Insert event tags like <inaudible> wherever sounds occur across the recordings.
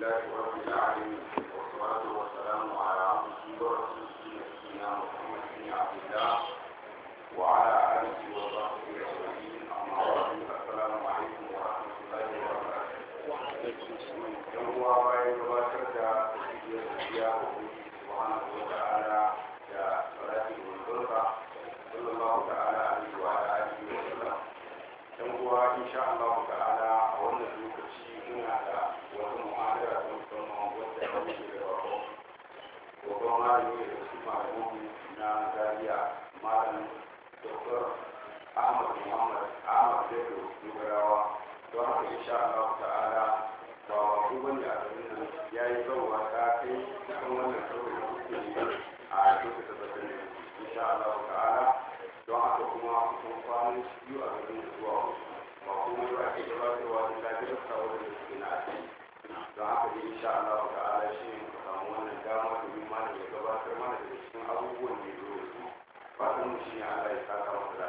لله رب العالمين وعلى don haka insha Allah ta'ala ba wa ku a garin nan ya yi zauwa ta kai cikin wannan sauran da kuke yi a duka tabbatar da insha Allah ta'ala don haka kuma kun kwanan biyu a da zuwa ba kuma ba ake gabatarwa da lafiyar sawar da suke na asiri don haka dai sha Allah ta'ala shi ne ku samu wannan dama da yi mana ya gabatar mana daga cikin abubuwan da ya zo da su fatan a shi ne Allah ya saka masa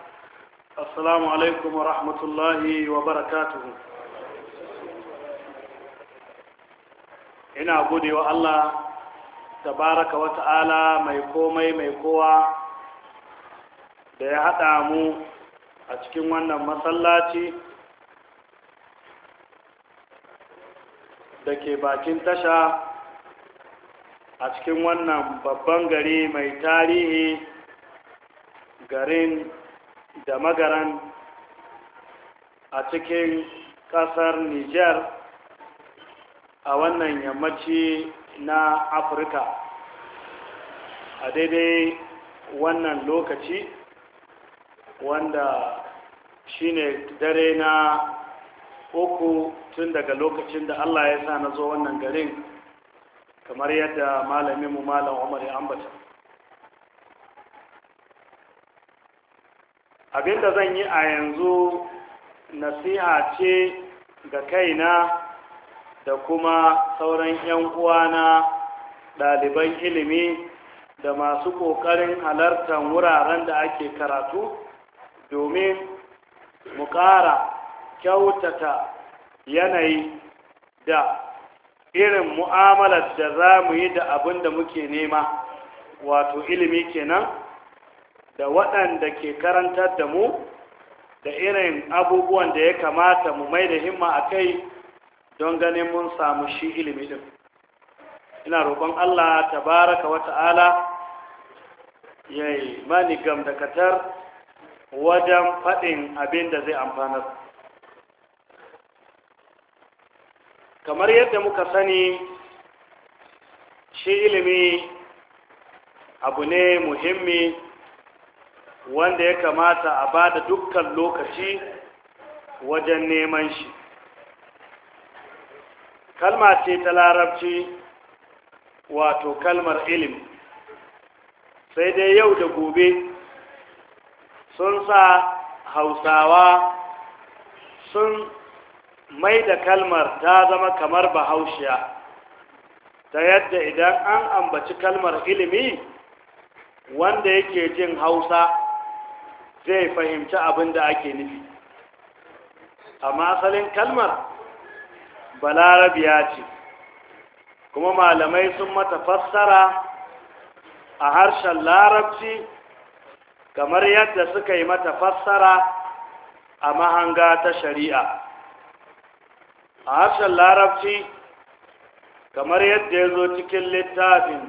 السلام عليكم ورحمة الله وبركاته ina gode wa Allah tabaraka wa ta'ala mai komai mai kowa da ya haɗa mu a cikin wannan masallaci da ke bakin tasha a cikin wannan babban gari mai tarihi garin da magaran a cikin ƙasar Nijar, a wannan yammaci na afirka a daidai wannan lokaci wanda shi ne dare na uku tun daga lokacin da allah ya sa na zo wannan garin kamar yadda malamin mu malam umar ya ambata abinda zan yi a yanzu nasiha ce ga kaina da kuma sauran 'yan uwana ɗaliban ilimi da masu ƙoƙarin halartar wuraren da ake karatu domin mu ƙara kyautata yanayi da irin mu'amalar da za mu yi da abin da muke nema wato ilimi kenan da waɗanda ke karantar da mu da irin abubuwan da ya kamata mu mai da himma a kai don ganin mun samu shi ilimi ɗin ina roƙon Allah ta wa ta'ala ya yi mani gam da wajen faɗin abin da zai amfanar kamar yadda muka sani shi ilimi abu ne muhimmi wanda ya kamata a ba da dukkan lokaci wajen neman shi kalma ce ta larabci wato kalmar ilim, sai dai yau da gobe sun sa hausawa sun mai da kalmar ta zama kamar bahaushiya ta yadda idan an ambaci kalmar ilimi wanda yake jin hausa zai fahimci abin da ake nufi A asalin kalmar Balarabi ya ce kuma malamai sun mata fassara a harshen larabci kamar yadda suka yi mata fassara a mahanga ta shari'a a harshen larabci kamar yadda ya zo cikin littafin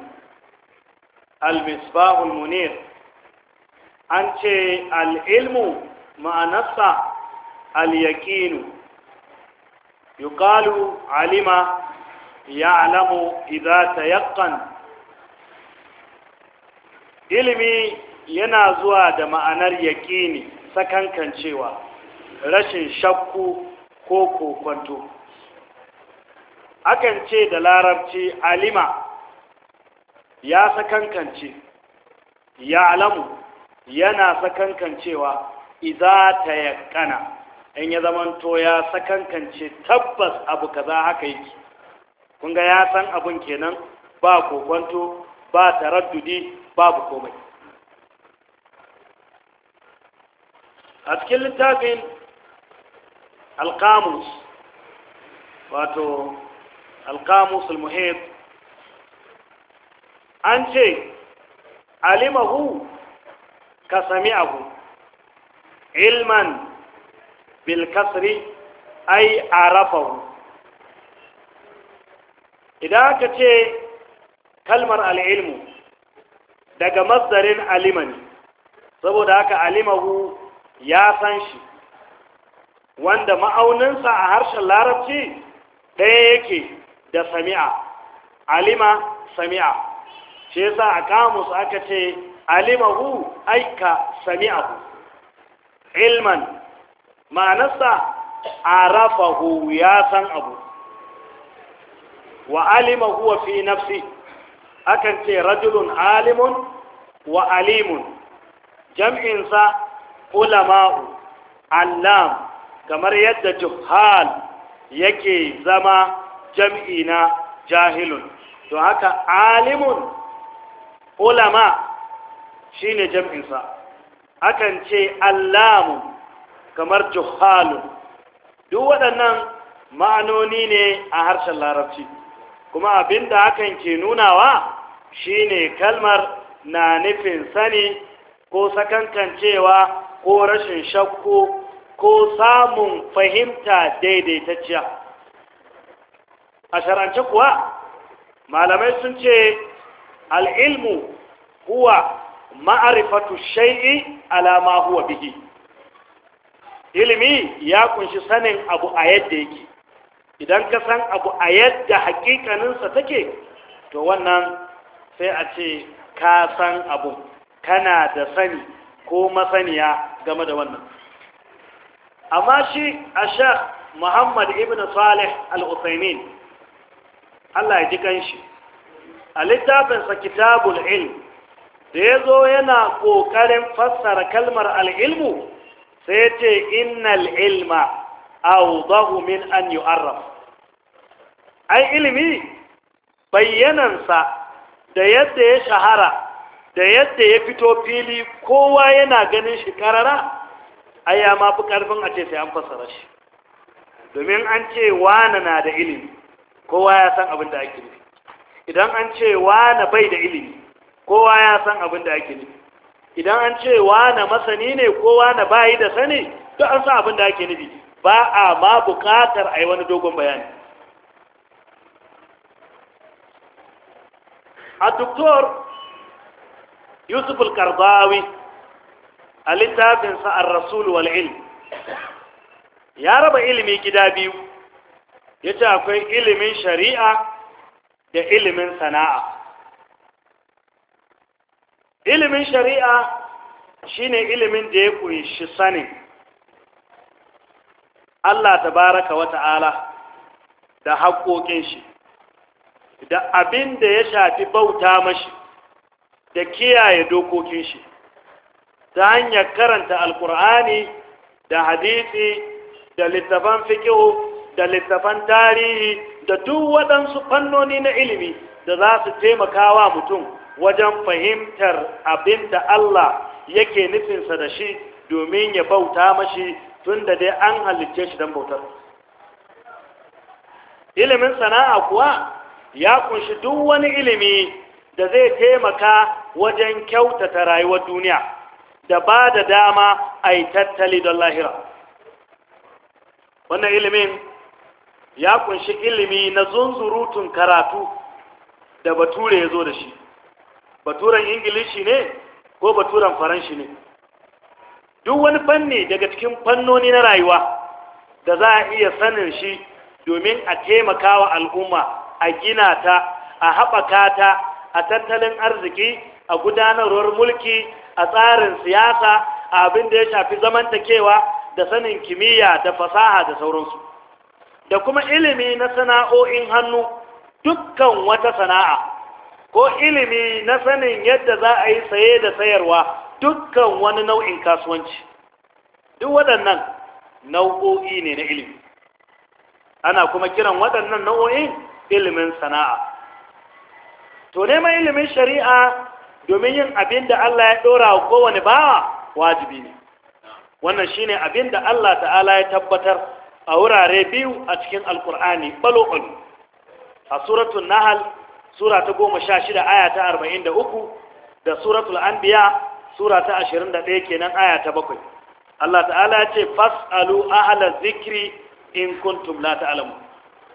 al-misbahul munir an ce al'ilmu ma'anarsa al’yakinu yi alima ya alamu idan ta yaƙan ilimi yana zuwa da ma'anar yaƙini sakankancewa, rashin shakku ko kokwanto akan ce da larabci alima ya sakankance ya alamu yana sakankancewa ta yakana in ya zamanto ya sakankance tabbas abu kaza haka yake kun ga ya san abun kenan ba kokonto ba taraddudi babu komai a cikin littafin alkamus wato alkamus al an ce alimahu ka sami abu ilman bilkasri ai arafahu idan aka ce kalmar al'ilmu daga mazdarin alima saboda haka alimahu ya san shi wanda ma'auninsa a harshen larabci ɗaya yake da sami'a alima sami'a shi yasa a kamus aka ce alimahu aika sami'ahu ilman ma'anarsa arafahu ya san abu wa alimahu wa fi nafsi akan ce rajulun alimun wa alimun jam'insa ulama'u allam kamar yadda juhal yake zama jam'i na jahilun to haka alimun ulama shine jam'insa akan ce allamu kamar juhalu duk waɗannan ma'anoni ne a harshen larabci kuma abinda hakan ke nunawa shine kalmar na nufin sani ko sakankancewa ko rashin shakku ko samun fahimta daidaitacciya a sharance kuwa malamai sun ce al'ilmu huwa ma'arifatu shai'i alama huwa bihi ilimi ya kunshi sanin abu a yadda yake idan ka san abu a yadda hakikaninsa take to wannan sai a ce ka san abu kana da sani ko masaniya game da wannan amma shi a sha muhammad ibn salih al-usaimin allah ya ji kanshi a littafinsa kitabul ilm da ya zo yana ƙoƙarin fassara kalmar al'ilmu sai ya ce innal ilma audahu min an yu'arraf ai ilimi bayyanansa da yadda ya shahara da yadda ya fito fili kowa yana ganin shi karara ai ya ma fi ƙarfin a ce sai an fassara shi domin an ce wa na da ilimi kowa ya san abin da ake nufi idan an ce wane bai da ilimi kowa ya san abin da ake nufi idan an ce wane masani ne kowa na bayi da sani to an san abin da ake nufi ba a ma bukatar a yi wani dogon bayani a doktor yusuf al a littafinsa Sa'ar rasul wal ilm ya raba ilimi gida biyu ya ce akwai ilimin shari'a da ilimin sana'a ilimin shari'a shine ilimin da ya kunshi sanin Allah tabaraka wa ta'ala da haƙoƙin shi da abin da ya shafi bauta mashi da kiyaye dokokin shi ta hanyar karanta alkur'ani da hadisi da littafan fikihu da littafan tarihi da duk waɗansu fannoni na ilimi da za su taimaka wa mutum wajen fahimtar abin da Allah yake nufinsa da shi domin ya bauta mashi tun da dai an halicce shi don bautar ilimin sana'a kuwa ya kunshi duk wani ilimi da zai taimaka wajen kyautata rayuwar duniya da ba da dama a yi tattali don lahira wannan ilimin ya kunshi ilimi na zunzurutun karatu da bature ya zo da shi baturen ingilishi ne ko baturen faranshi ne duk wani fanni daga cikin fannoni na rayuwa da za a iya sanin shi domin a taimakawa al'umma a gina ta a haɓaka ta a tattalin arziki a gudanarwar mulki a tsarin siyasa a abin da ya shafi zamantakewa da sanin kimiyya da fasaha da sauransu da kuma ilimi na sana'o'in hannu dukkan wata sana'a ko ilimi na sanin yadda za a yi saye da sayarwa dukkan wani nau'in kasuwanci duk waɗannan nau'o'i ne na ilimi ana kuma kiran waɗannan nau'o'in ilimin sana'a to neman ilimin shari'a domin yin abin da Allah ya ɗora wa kowane bawa wajibi ne wannan shine abin da Allah ta'ala ya tabbatar a wurare biyu a cikin alkur'ani balo'ul a suratun nahal sura ta goma sha shida aya ta arba'in da uku da suratul biya sura ta ashirin da ɗaya kenan aya ta bakwai Allah ta'ala ya ce fas'alu ahala zikri in kuntum la ta'lamu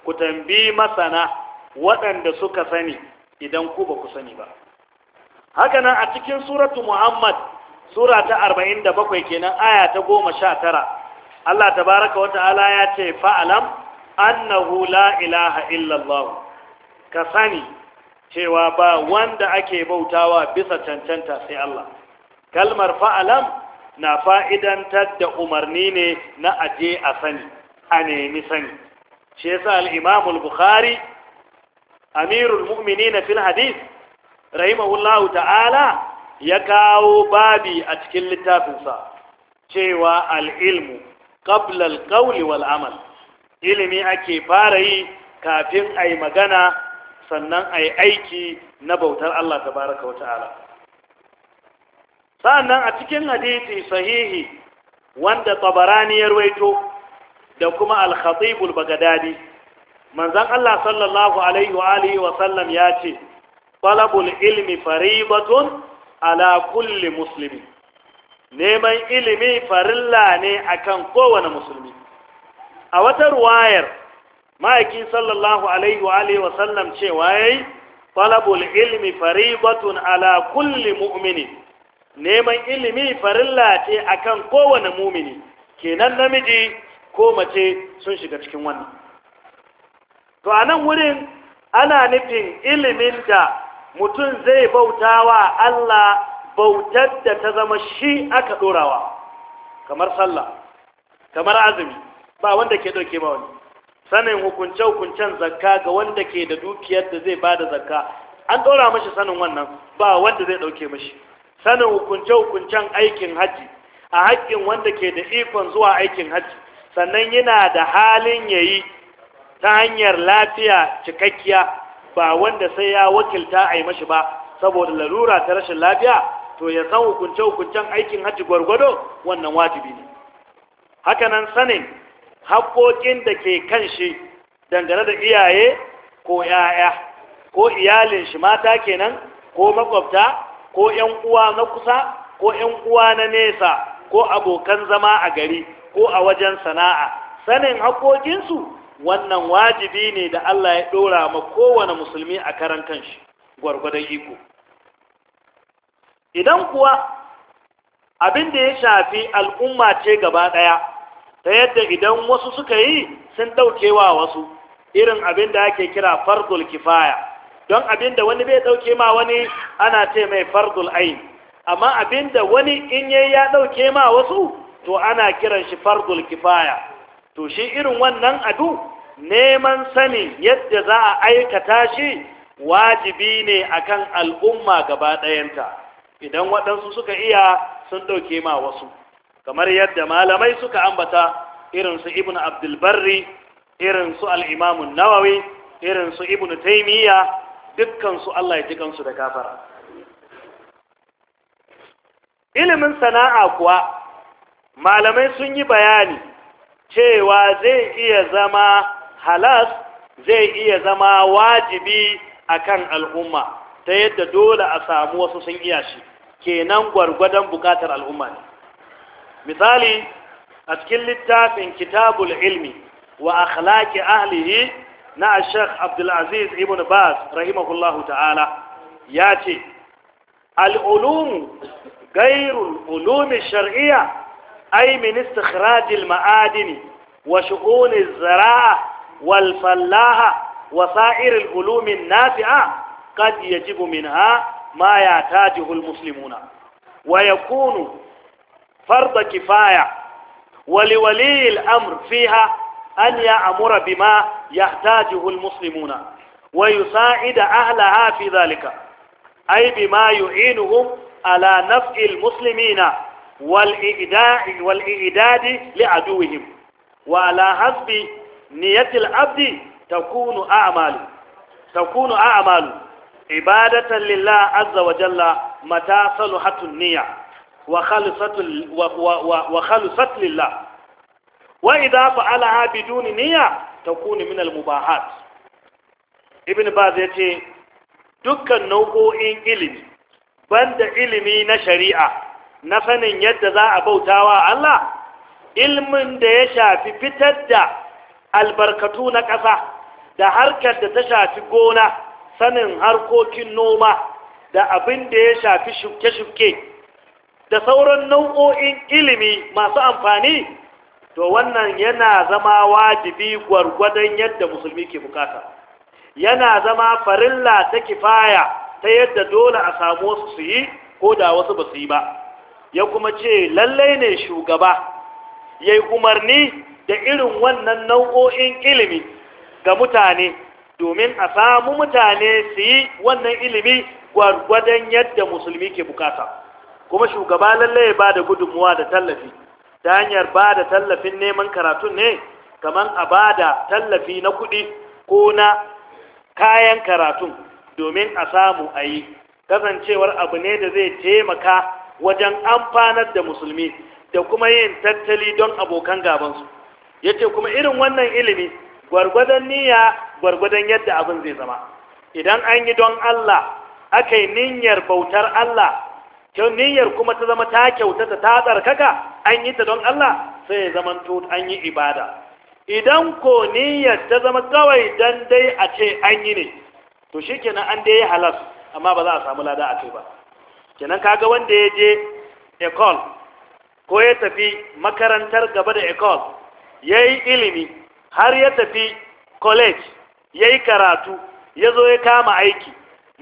ku tambi masana waɗanda suka sani idan ku ba ku sani ba haka nan a cikin suratu muhammad sura ta arba'in da bakwai kenan aya ta goma sha tara Allah tabaraka wa ta'ala ya ce fa'alam annahu la ilaha illallah ka sani cewa ba wanda ake bautawa bisa cancanta sai Allah kalmar fa'alam na fa'idantar da umarni ne na aje a sani a nemi sani shi yasa al-Imam al-Bukhari Amirul Mu'minin fil hadith rahimahullahu ta'ala ya kawo babi a cikin littafinsa cewa al-ilmu qabla al-qawli wal amal ilimi ake fara yi kafin ai magana sannan ai aiki na bautar Allah tabaraka wa ta'ala sa'annan a cikin hadisi sahihi wanda tabarani ya ruwaito da kuma al-khatib al-bagdadi manzon Allah sallallahu alaihi wa alihi wa sallam ya ce talabul ilmi fariidatun ala kulli muslimin neman ilimi farilla ne akan kowane musulmi a wata ruwayar ma'aikin sallallahu alaihi wa alihi wa sallam cewa yayi talabul ilmi faribatun ala kulli mu'mini neman ilimi farilla ce akan kowane mumini kenan namiji ko mace sun shiga cikin wannan to a nan wurin ana nufin ilimin da mutum zai bautawa Allah bautar da ta zama shi aka ɗorawa kamar sallah kamar azumi ba wanda ke ɗauke ba wani sanin hukunce-hukuncen zakka ga wanda ke da dukiyar da zai ba da zakka an ɗora mashi sanin wannan ba wanda zai ɗauke mashi sanin hukunce-hukuncen aikin hajji a haƙƙin wanda ke da ikon zuwa aikin hajji sannan yana da halin ya yi ta hanyar lafiya cikakkiya ba wanda sai ya wakilta a yi mashi ba saboda lalura ta rashin lafiya to ya san hukunce hukuncen aikin hajji gwargwado wannan wajibi ne hakanan sanin haƙoƙin da ke kan shi dangane da iyaye ko ‘ya'ya ko iyalin shi mata kenan ko makwabta ko ‘yan uwa na kusa ko ‘yan uwa na nesa ko abokan zama a gari ko a wajen sana'a sanin haƙoƙinsu wannan wajibi ne da Allah ya ɗora ma kowane musulmi a karan shi gwargwadon iko idan kuwa abin da ya shafi al'umma ce gaba ɗaya ta yadda idan wasu suka yi sun wa wasu irin abin da ake kira fardul kifaya don abin da wani bai ɗauke ma wani ana ce mai fardul ai amma abin da wani in yayi ya ɗauke ma wasu to ana kiran shi fardul kifaya to shi irin wannan adu neman sani yadda za a aikata shi wajibi ne akan al'umma gaba ɗayanta idan waɗansu suka iya sun ɗauke ma wasu kamar yadda malamai suka ambata irinsu ibn abdulbarri irinsu al'imamun nawawi irinsu ibn taimiyya dukkansu allah ya ji kansu da kafara ilimin sana'a kuwa malamai sun yi bayani cewa zai iya zama halas zai iya zama wajibi akan al'umma ta yadda dole a samu wasu sun iya shi kenan gwargwadon bukatar al'umma ne misali a cikin littafin kitabul ilmi wa akhlaqi ahlihi na Sheikh Abdul Aziz Ibn Baz rahimahullahu ta'ala ya ce al-ulum ghayrul ulum shar'iyya ay min istikhraj al-ma'adini wa shu'un az-zara'a wal wa sa'ir nafia قد يجب منها ما يحتاجه المسلمون ويكون فرض كفاية ولولي الأمر فيها أن يأمر بما يحتاجه المسلمون ويساعد أهلها في ذلك أي بما يعينهم على نفع المسلمين والإعداء والإعداد لعدوهم وعلى حسب نية العبد تكون أعماله تكون أعماله Ibadatar lillah azza wa jalla mata saluhatun niyya wa khalisat lillah wa idza fa'alaha biduni niyya takunu min al-mubahat ibn baz yace dukkan nau'o'in ilimi banda ilimi na shari'a na sanin yadda za a bautawa Allah ilimin da ya shafi fitar da albarkatu na ƙasa da harkar da ta shafi gona sanin harkokin noma da abin da ya shafi shuke-shuke da sauran nau'o'in ilimi masu amfani to wannan yana zama wajibi gwargwadon yadda musulmi ke bukata yana zama farilla ta kifaya ta yadda dole a samu wasu su yi ko da wasu ba su yi ba ya kuma ce lallai ne shugaba ya yi umarni da irin wannan nau'o'in ilimi ga mutane domin a samu mutane su yi wannan ilimi gwargwadon yadda musulmi ke bukata kuma shugaba lallai ba da gudunmuwa da tallafi ta hanyar ba da tallafin neman karatun ne kamar a ba da tallafi na kuɗi ko na kayan karatun domin a samu a yi kasancewar abu ne da zai taimaka wajen amfanar da musulmi da kuma yin tattali don abokan gabansu yace kuma irin wannan ilimi gwargwadon niyya gwargwadon yadda abin zai zama idan an yi don Allah aka yi niyyar bautar Allah kyau niyyar kuma ta zama ta kyautata ta tsarkaka an yi ta don Allah sai ya zama to an yi ibada idan ko niyyar ta zama kawai dan dai a ce an yi ne to shikenan an dai halas amma ba za a samu lada a kai ba kenan kaga wanda ya je ecole ko ya tafi makarantar gaba da ecole ya yi ilimi har ya tafi college ya yi karatu ya zo ya kama aiki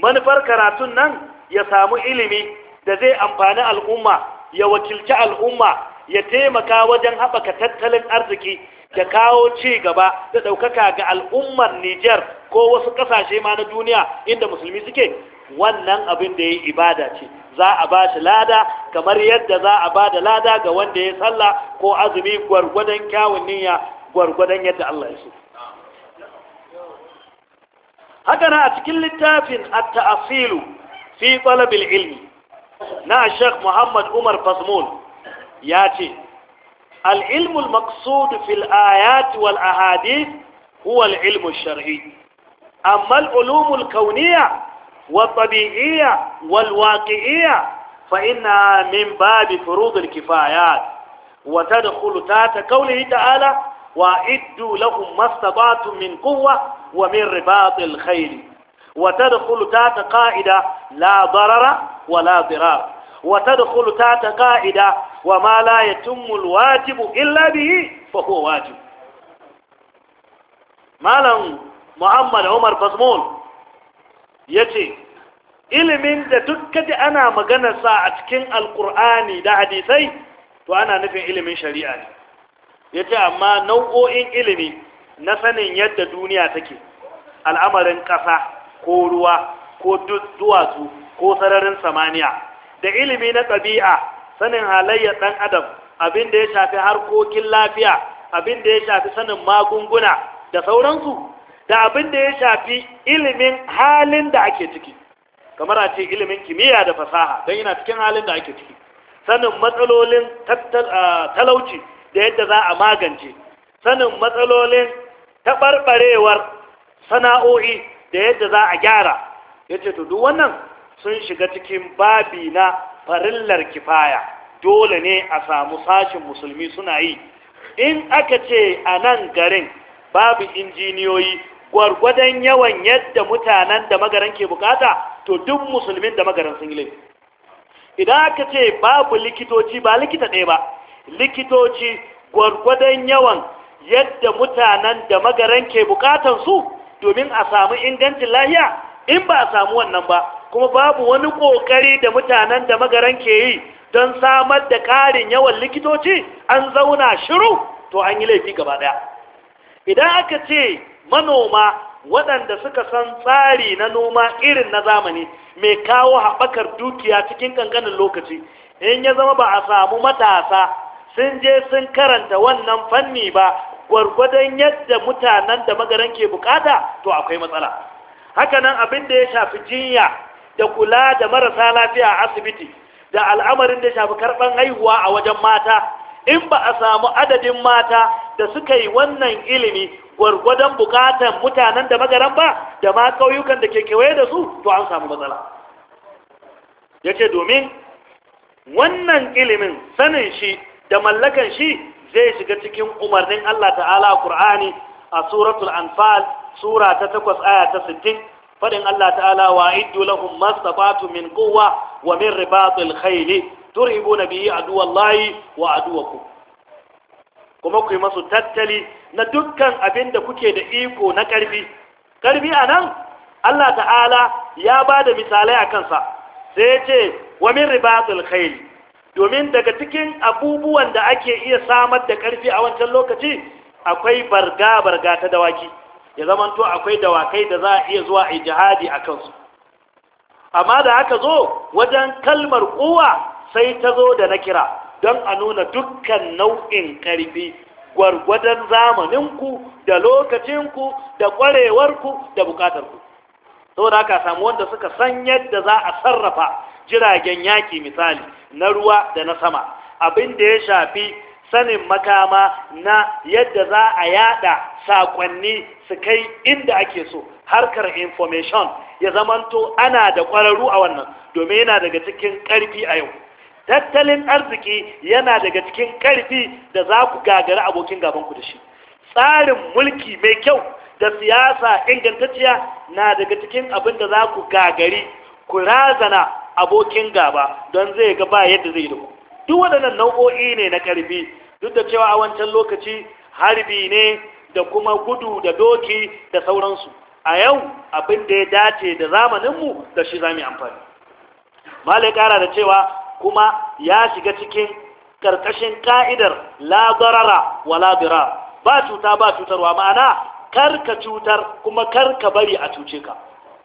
manufar karatun nan ya samu ilimi da zai amfani al'umma ya wakilci al'umma ya taimaka wajen haɓaka tattalin arziki da kawo ci gaba da ɗaukaka ga al'ummar Nijar ko wasu ƙasashe ma na duniya inda musulmi suke wannan abin da ya yi ibada ce za a ba shi lada kamar yadda za a ba da lada ga wanda ya sallah ko azumi gwargwadon kyawun niyya gwargwadon yadda Allah ya so هكنا أتكل التافن التأصيل في طلب العلم نا الشيخ محمد عمر فزمون ياتي العلم المقصود في الآيات والأحاديث هو العلم الشرعي أما العلوم الكونية والطبيعية والواقعية فإنها من باب فروض الكفايات وتدخل تات قوله تعالى وأعدوا لهم ما استطعتم من قوة ومن رباط الخيل وتدخل تحت قاعدة لا ضرر ولا ضرار وتدخل تحت قاعدة وما لا يتم الواجب إلا به فهو واجب مالا محمد عمر بزمون يتي ilimin da dukkan ana magana sa a cikin alkur'ani da hadisai to ana nufin ilimin shari'a ne ya ce amma nau'o'in ilimi na sanin yadda duniya take al'amarin ƙasa ko ruwa ko duwatsu ko sararin samaniya da ilimi na ɗabi'a sanin halayyar ɗan adam abin da ya shafi harkokin lafiya abin da ya shafi sanin magunguna da sauransu da abin da ya shafi ilimin halin da ake ciki kamar a ce ilimin kimiyya da fasaha don yana cikin halin da ake ciki sanin matsalolin talauci da yadda za a magance sanin matsalolin taɓarɓarewar sana'o'i da yadda za a gyara ya ce duk wannan sun shiga cikin babi na farillar kifaya dole ne a samu sashin musulmi suna yi in aka ce a nan garin babu injiniyoyi gwargwadon yawan yadda mutanen da magaran ke bukata to duk musulmin da magaran sun yi idan aka ce babu likitoci ba likita ɗaya ba likitoci gwargwadon yawan yadda mutanen da magaran ke bukatansu domin a samu ingancin lahiya in ba a samu wannan ba kuma babu wani kokari da mutanen da magaran ke yi don samar da ƙarin yawan likitoci an zauna shiru to an yi laifi gaba daya idan aka ce manoma waɗanda suka san tsari na noma irin na zamani mai kawo haɓakar dukiya cikin ƙanƙanin lokaci in ya zama ba a samu matasa sun je sun karanta wannan fanni ba gwargwadon yadda mutanen da magaran ke bukata to akwai matsala hakanan abin da ya shafi jinya da kula da marasa lafiya a asibiti da al'amarin da shafi karban haihuwa a wajen mata in ba a samu adadin mata da suka yi wannan ilimi gwargwadon bukatan mutanen da magaran ba da ma ƙauyukan da ke kewaye da su to an samu matsala ya ce domin wannan ilimin sanin shi da mallakan shi zai shiga cikin umarnin Allah ta'ala a ƙur'ani a suratul anfal sura ta ayata aya ta fadin Allah ta'ala wa iddu lahum min quwwa wa min ribatil khayl turhibuna bihi aduwallahi wa aduwakum kuma ku yi masu tattali na dukkan abin da kuke da iko na karfi karfi anan Allah ta'ala ya ba da misalai a kansa sai ya ce wa min ribatil khayl domin daga cikin abubuwan da ake iya samar da ƙarfi a wancan lokaci akwai barga-barga ta dawaki ya zamanto akwai dawakai da za a iya zuwa a jihadi a kansu amma da aka zo wajen kalmar kowa sai ta zo da na kira don a nuna dukkan nau'in ƙarfi gwargwadon zamaninku da lokacinku da ƙwarewarku da buƙatarku saboda haka samu wanda suka san yadda za a sarrafa jiragen yaƙi misali na ruwa da na sama abin da ya shafi sanin makama na yadda za a yada sakonni su kai inda ake so harkar information ya zamanto ana da kwararru a wannan domin yana daga cikin karfi a yau tattalin arziki yana daga cikin karfi da za ku gagari abokin gabanku da shi tsarin mulki mai kyau da siyasa ingantacciya na daga cikin abin da za ku gagari ku razana abokin gaba don zai ga ba yadda zai da ku duk waɗannan nau'o'i ne na ƙarfi duk da cewa a wancan lokaci harbi ne da kuma gudu da doki da sauransu a yau abin da ya dace da zamaninmu da shi za amfani malai ƙara da cewa kuma ya shiga cikin ƙarƙashin ka'idar la darara wa la ba cuta ba cutarwa ma'ana karka cutar kuma karka bari a cuce ka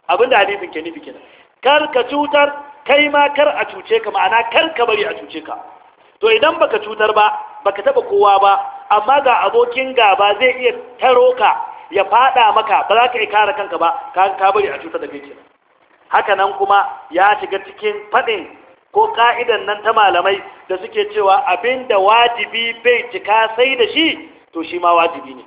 abin da hadisin ke nufi kenan kar ka cutar kai ma kar a cuce ka ma'ana kar ka bari a cuce ka to idan baka cutar ba baka taba kowa ba amma ga abokin gaba zai iya taro ka ya fada maka ba za ka yi kare kanka ba ka ka bari a cutar da kai haka nan kuma ya shiga cikin fadin ko ka'idan nan ta malamai da suke cewa abinda wajibi bai cika sai da shi to shi ma wajibi ne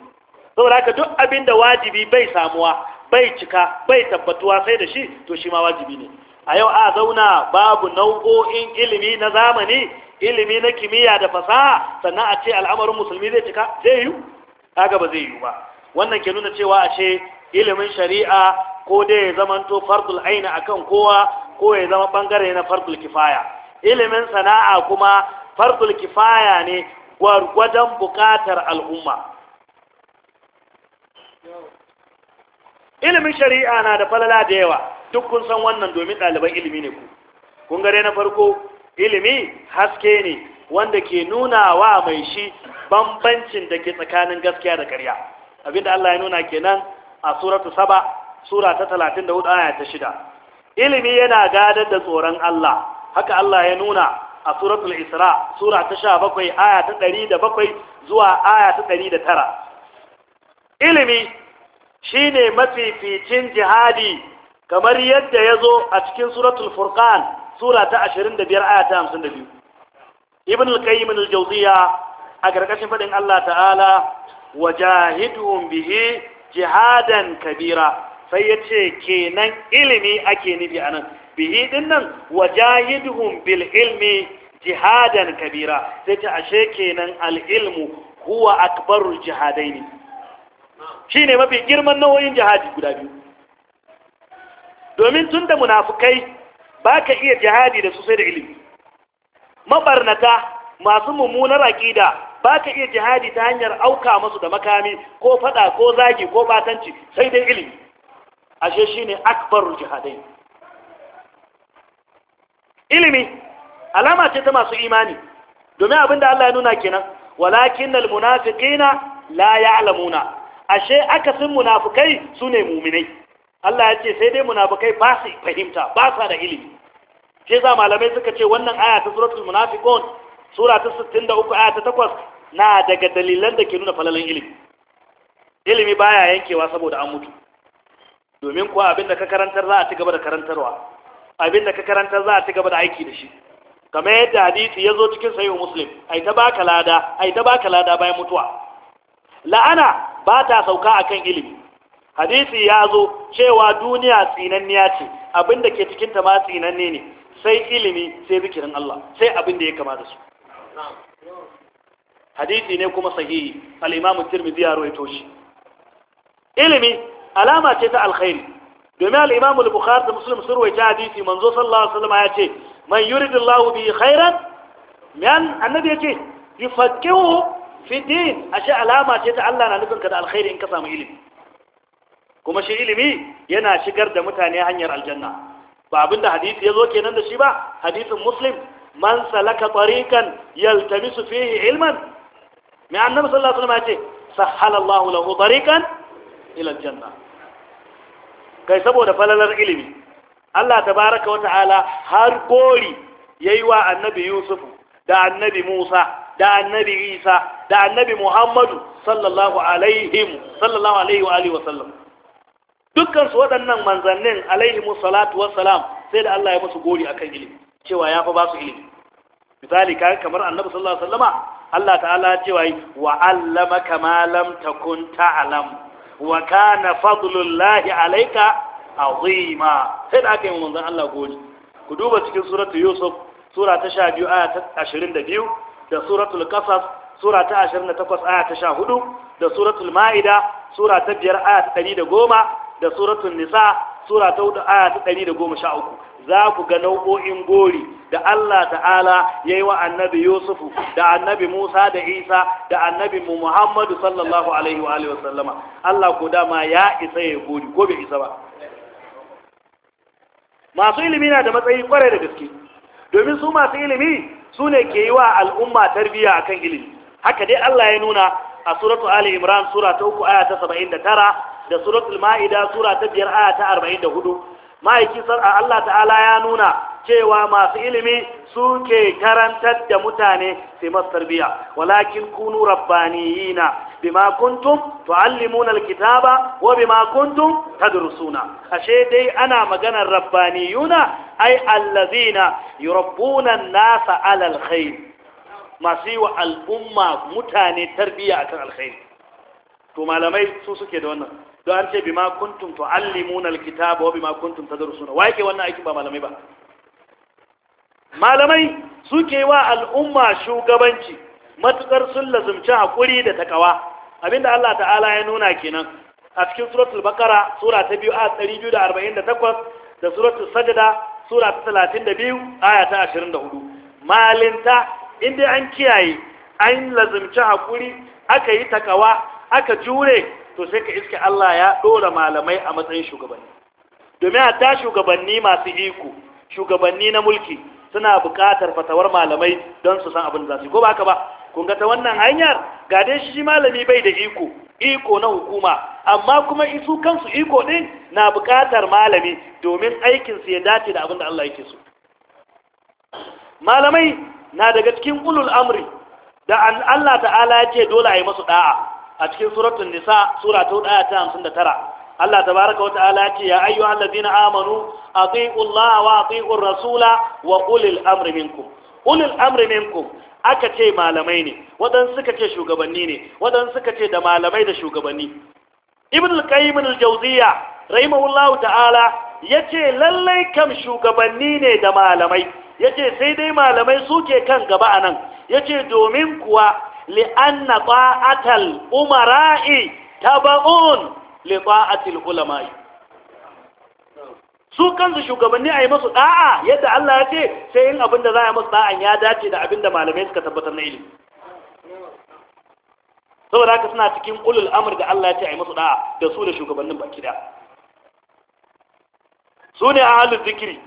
saboda haka duk abinda wajibi bai samuwa bai cika bai tabbatuwa sai da shi to shi ma wajibi ne a yau a zauna babu nau'o'in ilimi na zamani ilimi na kimiyya da fasaha sannan a ce al'amarin musulmi zai cika zai yi kaga ba zai yi ba wannan ke nuna cewa ashe ilimin shari'a ko dai ya zamanto fardul aini akan kowa ko ya zama bangare na fardul kifaya ilimin sana'a kuma fardul kifaya ne gwargwadon buƙatar al'umma ilimin shari'a na da falala da yawa duk kun san wannan domin ɗaliban ilimi ne ku kun gare na farko ilimi haske ne wanda ke nuna wa mai shi bambancin da ke tsakanin gaskiya da ƙarya abinda Allah ya nuna kenan a suratu saba sura ta talatin da aya ta shida ilimi yana gadar da tsoron Allah haka Allah ya nuna a suratul isra sura ta bakwai aya ta bakwai zuwa aya ta tara. ilimi Shi ne mafificin jihadi kamar yadda ya zo a cikin suratul furqan sura ta 25 aya 52 ibn al-qayyim al-jawziya a gargashin fadin Allah ta'ala wajahiduhum bihi jihadan kabira sai yace kenan ilimi ake nufi anan bihi dinnan wajahiduhum bil ilmi jihadan kabira sai ta ashe kenan al-ilmu huwa akbarul jihadaini shi ne mafi girman nau'in jihadi guda biyu domin tun da munafukai ba ka iya jihadi da su sai da ilimi mabarnata masu mummunar aƙida ba ka iya jihadi ta hanyar auka masu da makami ko fada ko zagi ko batanci sai dai ilimi ashe shi ne akbar jihadai ilimi alama ce ta masu imani domin abinda Allah ya nuna kenan walakin almunafiqina la ya'lamuna ashe akasin munafukai su ne muminai Allah ya ce sai dai munafukai ba su fahimta ba su da ilimi Ke za malamai suka ce wannan aya ta suratul munafiqun sura ta 63 aya ta 8 na daga dalilan da ke nuna falalan ilimi ilimi baya yankewa saboda an mutu domin kuwa abinda ka karantar za a ci gaba da karantarwa abinda ka karantar za a ci gaba da aiki da shi kamar yadda hadisi ya zo cikin sahihu muslim ai ta baka lada ai ta baka lada bayan mutuwa la'ana ba ta sauka a kan ilimi hadisi ya zo cewa duniya tsinanniya ce abin da ke cikinta ma tsinanne ne sai ilimi sai zikirin Allah sai abin da ya kama da su hadisi ne kuma sahihi al-imam tirmidhi ya rawaito shi ilimi alama ce ta alkhairi domin al-imam al-bukhari da muslim sun rawaita hadisi manzo sallallahu alaihi wasallam ya ce man yuridillahu bi khairan man annabi ya ce yufaqqihu fi din ashe alama ce ta Allah na nufin da alkhairi in ka samu ilimi kuma shi ilimi yana shigar da mutane hanyar aljanna ba abinda hadisi yazo kenan da shi ba hadisin muslim man salaka tariqan yaltamisu fihi ilman mai annabi sallallahu alaihi wasallam ya ce Allahu lahu tariqan ila aljanna kai saboda falalar ilimi Allah baraka wa ta'ala har gori yayi wa annabi Yusuf da annabi Musa da annabi isa da annabi muhammadu sallallahu alaihim sallallahu alaihi wa alihi wa sallam dukkan su waɗannan manzannin alaihimu salatu wa salam. sai da Allah ya musu gori akan ilimi cewa ya fa ba su ilimi misali kaga kamar annabi sallallahu alaihi wa wasallama Allah ta'ala ya cewa wa allama kama lam takun ta'lam wa kana fadlullahi alayka azima sai da aka yi manzon Allah gori ku duba cikin suratu yusuf sura ta 12 aya ta 22 da suratul qasas sura ta 28 aya ta 14 da suratul maida sura ta 5 aya ta 110 da suratul nisa sura ta 4 aya ta 113 za ku ga nau'o'in gori da Allah ta'ala ya yi wa annabi Yusufu da annabi Musa da Isa da annabi Muhammadu sallallahu alaihi wa sallama Allah ko dama ya isa ya gori ko bai isa ba masu ilimi na da matsayi kwarai da gaske domin su masu ilimi su ne ke yi wa al'umma tarbiya kan ilimi haka dai Allah ya nuna a suratu Ali Imran sura ta uku aya ta saba'in da tara da suratul Ma'ida sura ta biyar aya ta arba'in da hudu ma’aikisar Allah ta'ala ya nuna cewa masu ilimi suke karantar da mutane su masu tarbiya walakin kunu rabbaniyina bima kuntum tuallimuna alkitaba wa bima kuntum tadrusuna ashe dai ana maganar rabbaniyuna ai allazina yurabbuna an-nasa ala alkhair masu yi wa al'umma mutane tarbiya akan alkhair to malamai su suke da wannan don an ce bima kuntum tuallimuna alkitaba wa bima kuntum tadrusuna wa yake wannan aikin ba malamai ba malamai suke wa al'umma shugabanci matukar sun lazumci haƙuri da takawa abinda Allah ta'ala ya nuna kenan a cikin suratul bakara sura ta biyu a 248 da suratul sajada sura ta 32 aya ta 24 malinta inda an kiyaye an lazumci haƙuri aka yi takawa aka jure to sai ka iske Allah ya ɗora malamai a matsayin shugabanni domin a ta shugabanni masu iko shugabanni na mulki suna buƙatar fatawar malamai don su san abin da su ko ba ka ba kun ga ta wannan hanyar ga dai shi malami bai da iko iko na hukuma amma kuma isu kansu iko din na buƙatar malami domin aikin su ya dace da abin da Allah yake so malamai na daga cikin ulul amri da Allah ta'ala ya ce dole a yi musu da'a a cikin suratul nisa sura ta 159 Allah tabaraka wata'ala ce ya ayyu allazina amanu atiqu Allah wa atiqu rasula wa ulil amri minkum ulil amri minkum aka ce malamai ne wadan suka ce shugabanni ne wadan suka ce da malamai da shugabanni ibn al-qayyim al-jawziya rahimahullahu ta'ala yace lallai kam shugabanni ne da malamai yace sai dai malamai suke kan gaba anan yace domin kuwa li'anna ta'atal umara'i taba'un li ta'atil ulama su Kanzu shugabanni a yi masu da'a yadda Allah ya ce sai yin abin da za a yi masu da'an ya dace da abinda malamai suka tabbatar na ilimi saboda haka suna cikin ulul amur da Allah ya ce a yi masu da'a da su da shugabannin baki da su ne ahalul zikiri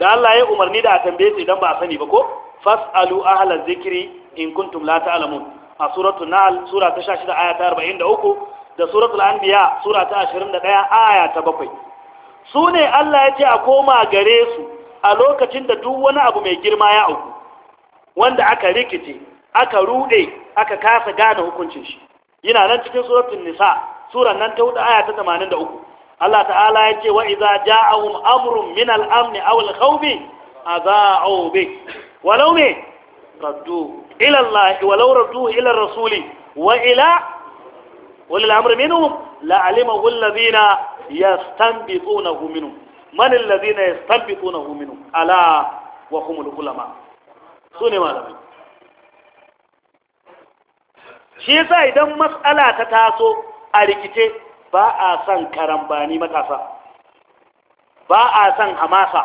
da Allah ya umarni da a tambaye su idan ba a sani ba ko fas'alu ahlaz zikri in kuntum la ta'lamun a suratul nahl sura ta 16 aya ta 43 da suratul anbiya sura ta 21 aya ta 7 su ne Allah ya ce a koma gare su a lokacin da duk wani abu mai girma ya auku wanda aka rikice aka rude aka kasa gane hukuncin shi yana nan cikin suratul nisa suran nan ta 4 aya ta 83 Allah ta'ala ya ce wa idza ja'ahum amrun min al-amn aw al-khawf adha'u bi walau me raddu ila Allah walau raddu ila rasuli wa ila ulil amri minhum la alimahu alladhina yastanbitunahu minhum man alladhina yastanbitunahu minhum ala wa humul shi yasa idan mas'ala ta taso a rikice ba a san karambani matasa ba a san hamasa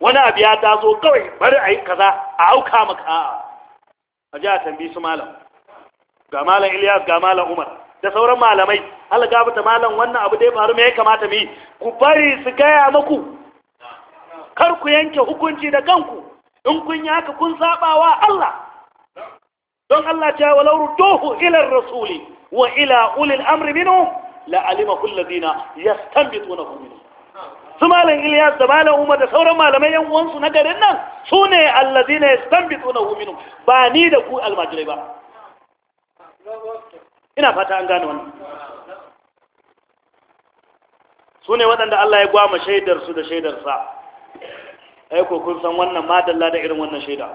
wani abu ya taso kawai bari a yi kaza a auka maka a a ji a tambi su malam ga malam Ilyas ga malam Umar da sauran malamai Allah gafata malam wannan abu dai faru me ya kamata mu yi ku bari su gaya muku kar ku yanke hukunci da kanku in kun yi haka kun sabawa Allah don Allah ta walau ruduhu ila rasuli wa ila ulil amri minhu la alima kullu dina yastanbitunahu minhu su malam Ilyas da malam Umar da sauran malamai yan uwansu na garin nan su ne allazina yastanbitunahu minhu ba ni da ku almajirai ba ina fata an gane wannan su ne waɗanda Allah ya gwama shaidarsu da shaidarsa aiko kun san wannan madalla da irin wannan shaida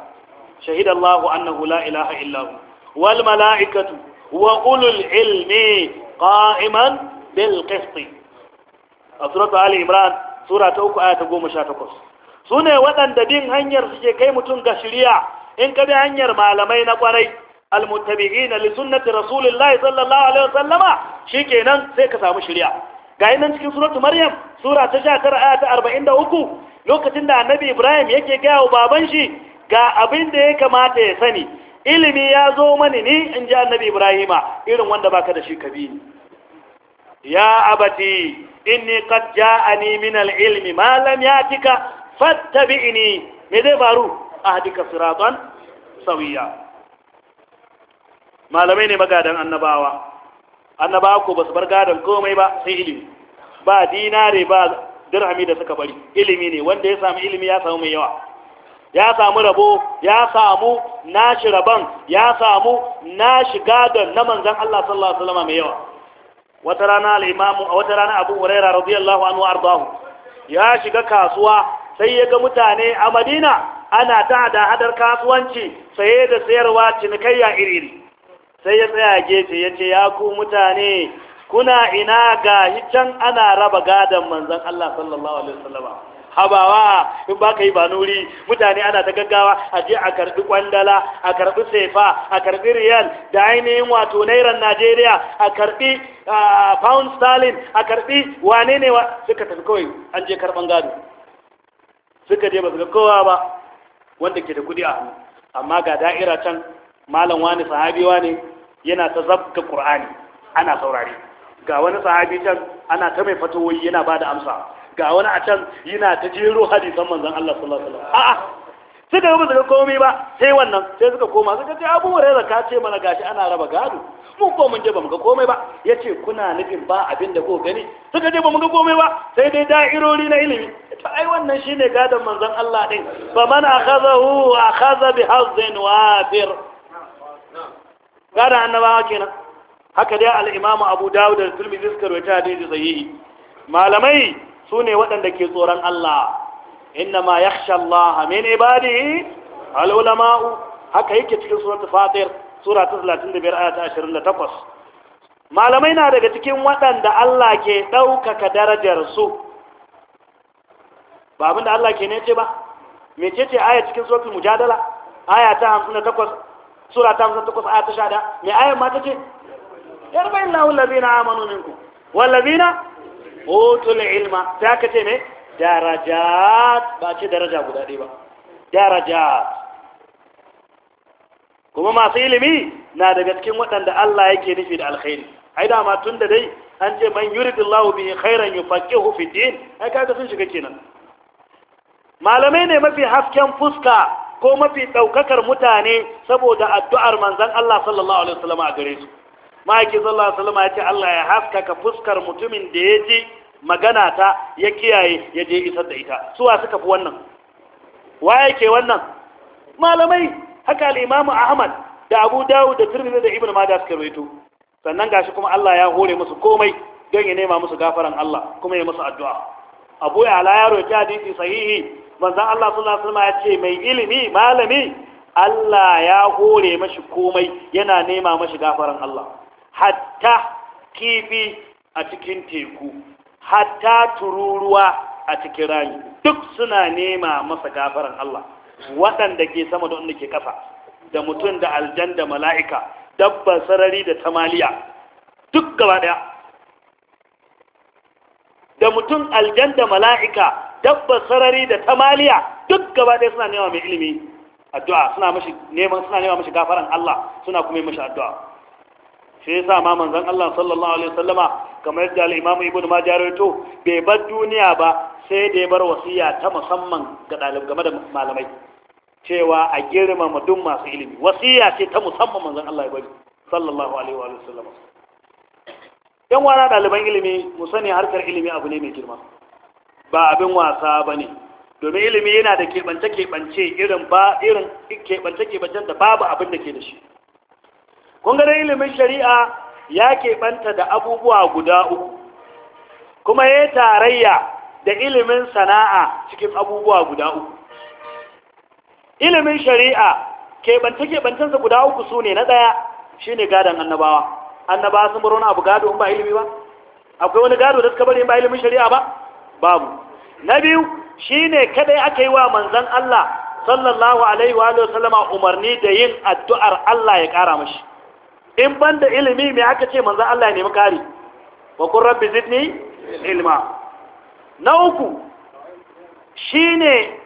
shahid Allahu annahu la ilaha illahu wal mala'ikatu wa ulul ilmi qa'iman bil qist a suratu ali imran sura ta uku aya ta goma sha takwas su ne waɗanda bin hanyar suke kai mutum ga shirya in ka bi hanyar malamai na kwarai almuttabi'ina na sunnati rasulillahi sallallahu alaihi wasallama shikenan sai ka samu shirya. ga nan cikin suratu maryam sura ta 19 arba'in da uku, lokacin da annabi ibrahim yake gaya wa baban shi ga abin da ya kamata ya sani ilimi ya zo mani ni in ji annabi ibrahima irin wanda baka da shi kabini ya abati inni qad ja'ani min al-ilmi ma lam yatika fattabi'ni me zai faru ahdika siratan sawiya malamai ne magadan annabawa annabawa ko ba su bar gadon komai ba sai ilimi ba dinare ba dirhami da suka bari ilimi ne wanda ya samu ilimi ya samu mai yawa ya samu rabo ya samu nashi rabon ya samu nashi gadon na manzan Allah sallallahu alaihi wasallam mai yawa wata rana al-imamu wata rana Abu Hurairah radiyallahu anhu ardahu ya shiga kasuwa sai ya ga mutane a Madina ana ta da hadar kasuwanci saye da sayarwa cinikayya iri iri sai ya tsaya gefe ya ce ya ku mutane kuna ina ga can ana raba gadon manzon Allah sallallahu alaihi wasallama habawa in ba ka yi ba nuri mutane ana ta gaggawa a je a karbi kwandala a karbi sefa a karbi riyal da ainihin wato nairan najeriya a karbi pound sterling a karbi wane ne suka tafi kawai an je karban gado suka je ba su ga kowa ba wanda ke da kudi a hannu amma ga da'ira can malam wani sahabi wani yana ta zabta qur'ani ana saurare ga wani sahabi can ana ta mai fatawoyi yana ba da amsa ga wani a can yana ta jero hadisan manzon Allah sallallahu alaihi wasallam a'a suka yi musu komai ba sai wannan sai suka koma suka ce abu hurairah ka ce mana gashi ana raba gado mu ko mun je ba mu ga komai ba yace kuna nufin ba abin da ko gani suka je ba mu ga komai ba sai dai da'irori na ilimi ta ai wannan shine gadon manzon Allah din fa man akhadahu akhadha bi hazzin wafir gada annabawa kenan haka dai al-imam abu dawud da tirmidhi suka rawaita hadisi sahihi malamai sune waɗanda ke tsoron Allah inna ma yakhsha Allah min ibadihi al-ulama haka yake cikin suratul fatir sura ta 35 aya ta 28 malamai na daga cikin waɗanda Allah ke ɗaukaka darajar su ba abinda Allah ke ne ce ba mecece aya cikin suratul mujadala aya ta 58 sura ta musa takwas aya ta sha da mai ayan ma ta ce yarbayin lahun lazina amanu minku wallazina utul ilma ta ka ce ne Daraja ba ce daraja guda ɗaya ba darajat kuma masu ilimi na daga cikin waɗanda Allah yake nufi da alkhairi ai da ma tun da dai an ce man yuridillahu bihi khairan yufaqihu fi din ai kaga sun shiga kenan malamai ne mafi hasken fuska ko mafi ɗaukakar mutane saboda addu'ar manzan Allah sallallahu alaihi wasallam a gare su ma'aiki sallallahu alaihi wasallam ya ce Allah ya haskaka fuskar mutumin da ya ji magana ta ya kiyaye ya je isar da ita suwa suka fi wannan Wa ke wannan malamai haka al Ahmad da Abu Dawud da Tirmidhi da Ibn Majah suka rawaito sannan gashi kuma Allah ya hore musu komai don ya nema musu gafaran Allah kuma ya musu addu'a abu ya ala ya roki hadisi sahihi manzan Allah sallallahu alaihi ya ce mai ilimi malami Allah ya hore mashi komai yana nema mashi gafaran Allah hatta kifi a cikin teku hatta tururuwa a cikin rami duk suna nema masa gafaran Allah waɗanda ke sama da wanda ke ƙasa da mutum da aljan da mala'ika dabba sarari da tamaliya duk gaba ɗaya da mutum aljan da mala'ika dabba sarari da tamaliya duk gaba ɗaya suna nema mai ilimi addu'a suna mashi neman suna nema mashi gafaran Allah suna kuma yi mashi addu'a shi yasa ma manzon Allah sallallahu alaihi wasallama kamar yadda al-Imam Ibn Majah rawaito bai bar duniya ba sai da ya bar wasiya ta musamman ga ɗalibai game da malamai cewa a girmama duk masu ilimi wasiya ce ta musamman manzon Allah ya bari sallallahu alaihi wa sallam yan wara ɗaliban ilimi mu sani harkar ilimi abu ne mai girma ba abin wasa ba ne domin ilimi yana da keɓance-keɓance irin ba irin keɓance keɓance da babu abin da ke da shi kun ilimin shari'a ya keɓanta da abubuwa guda uku kuma ya tarayya da ilimin sana'a cikin abubuwa guda uku ilimin shari'a keɓance-keɓancensa guda uku su ne na ɗaya shi ne gadon annabawa annaba sun bar wani abu gado in ba ilimi ba akwai wani gado da suka bari in ba ilimin shari'a ba babu na biyu shine kadai aka yi wa manzon Allah sallallahu alaihi wa sallama umarni da yin addu'ar Allah ya kara mashi in banda ilimi me aka ce manzon Allah ya nemi kari wa qur rabbi zidni ilma na uku shine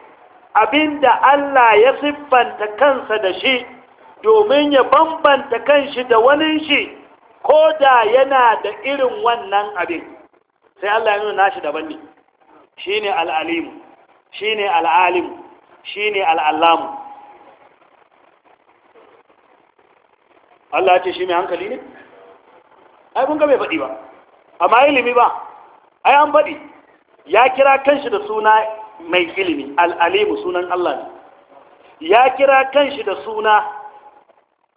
abinda Allah ya siffanta kansa da shi domin ya bambanta kanshi da wani shi ko da yana da irin wannan abin sai Allah ya nuna nashi daban ne shine al-alim shine al-alim shine al-allam Allah ce shi mai hankali ne ai kun ga bai faɗi ba amma ilimi ba ai an faɗi ya kira kanshi da suna mai ilimi al sunan Allah ne ya kira kanshi da suna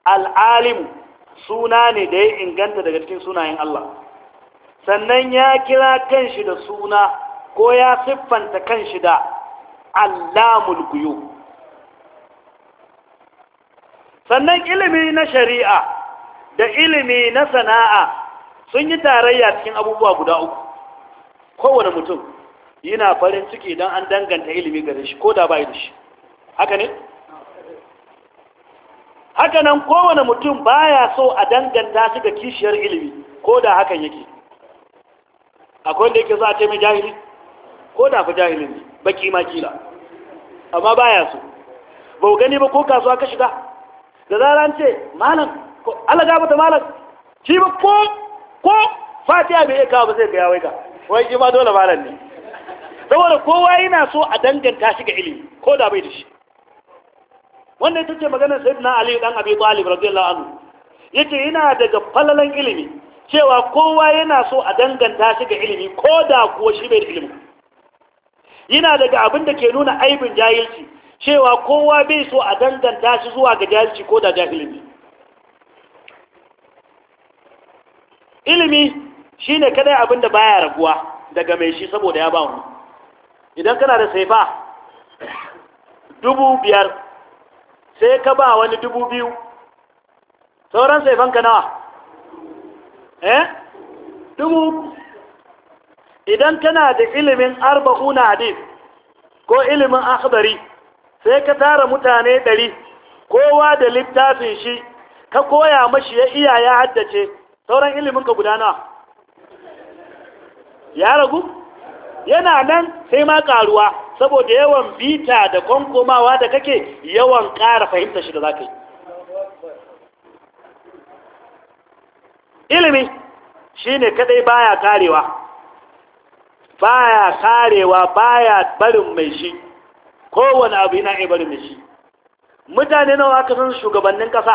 al suna ne da ya inganta daga cikin sunayen Allah sannan ya kira kanshi da suna ko ya siffanta kanshi da allamul guyu sannan ilimi na shari'a da ilimi na sana'a sun yi tarayya cikin abubuwa guda uku kowane mutum yana farin ciki don an danganta ilimi ga shi ko da bai da shi haka ne? haka nan kowane mutum baya so a danganta su ga kishiyar ilimi ko da hakan yake akwai wanda yake za a ce mai jahili ko da ku jahili ne baki ma kila amma baya so ba ku gani ba ko kasuwa ka shiga da zara ce malam ko alaga mata malam shi ba ko ko fatiya bai kawo ba sai ga yawai ka wai shi ma dole malam ne saboda kowa yana so a danganta shi ga ilimi ko da bai da shi wanda ita ce sai na ali dan abi talib radiyallahu anhu yace ina daga falalan ilimi cewa kowa yana so a danganta shi ga ilimi ko da kuwa shi bai da ilimi yana daga abin da ke nuna aibin jahilci cewa kowa bai so a danganta shi zuwa ga jahilci ko da jahilimi ilimi shine kadai abin da baya raguwa daga mai shi saboda ya ba mu idan kana da saifa dubu biyar sai ka ba wani dubu biyu sauran saifanka nawa eh dubu idan kana da ilimin arba'u na hadis ko ilimin akhbari sai ka tara mutane ɗari kowa da littafin shi ka koya mashi ya iya ya haddace sauran ilimin ka gudana ya ragu yana nan sai ma karuwa saboda yawan bita da kwankomawa da kake yawan ƙara fahimta shi da za ka yi ilimi shi ne kadai baya karewa baya karewa baya barin mai shi kowane abu yana iya barin mai shi mutane nawa aka san shugabannin ƙasa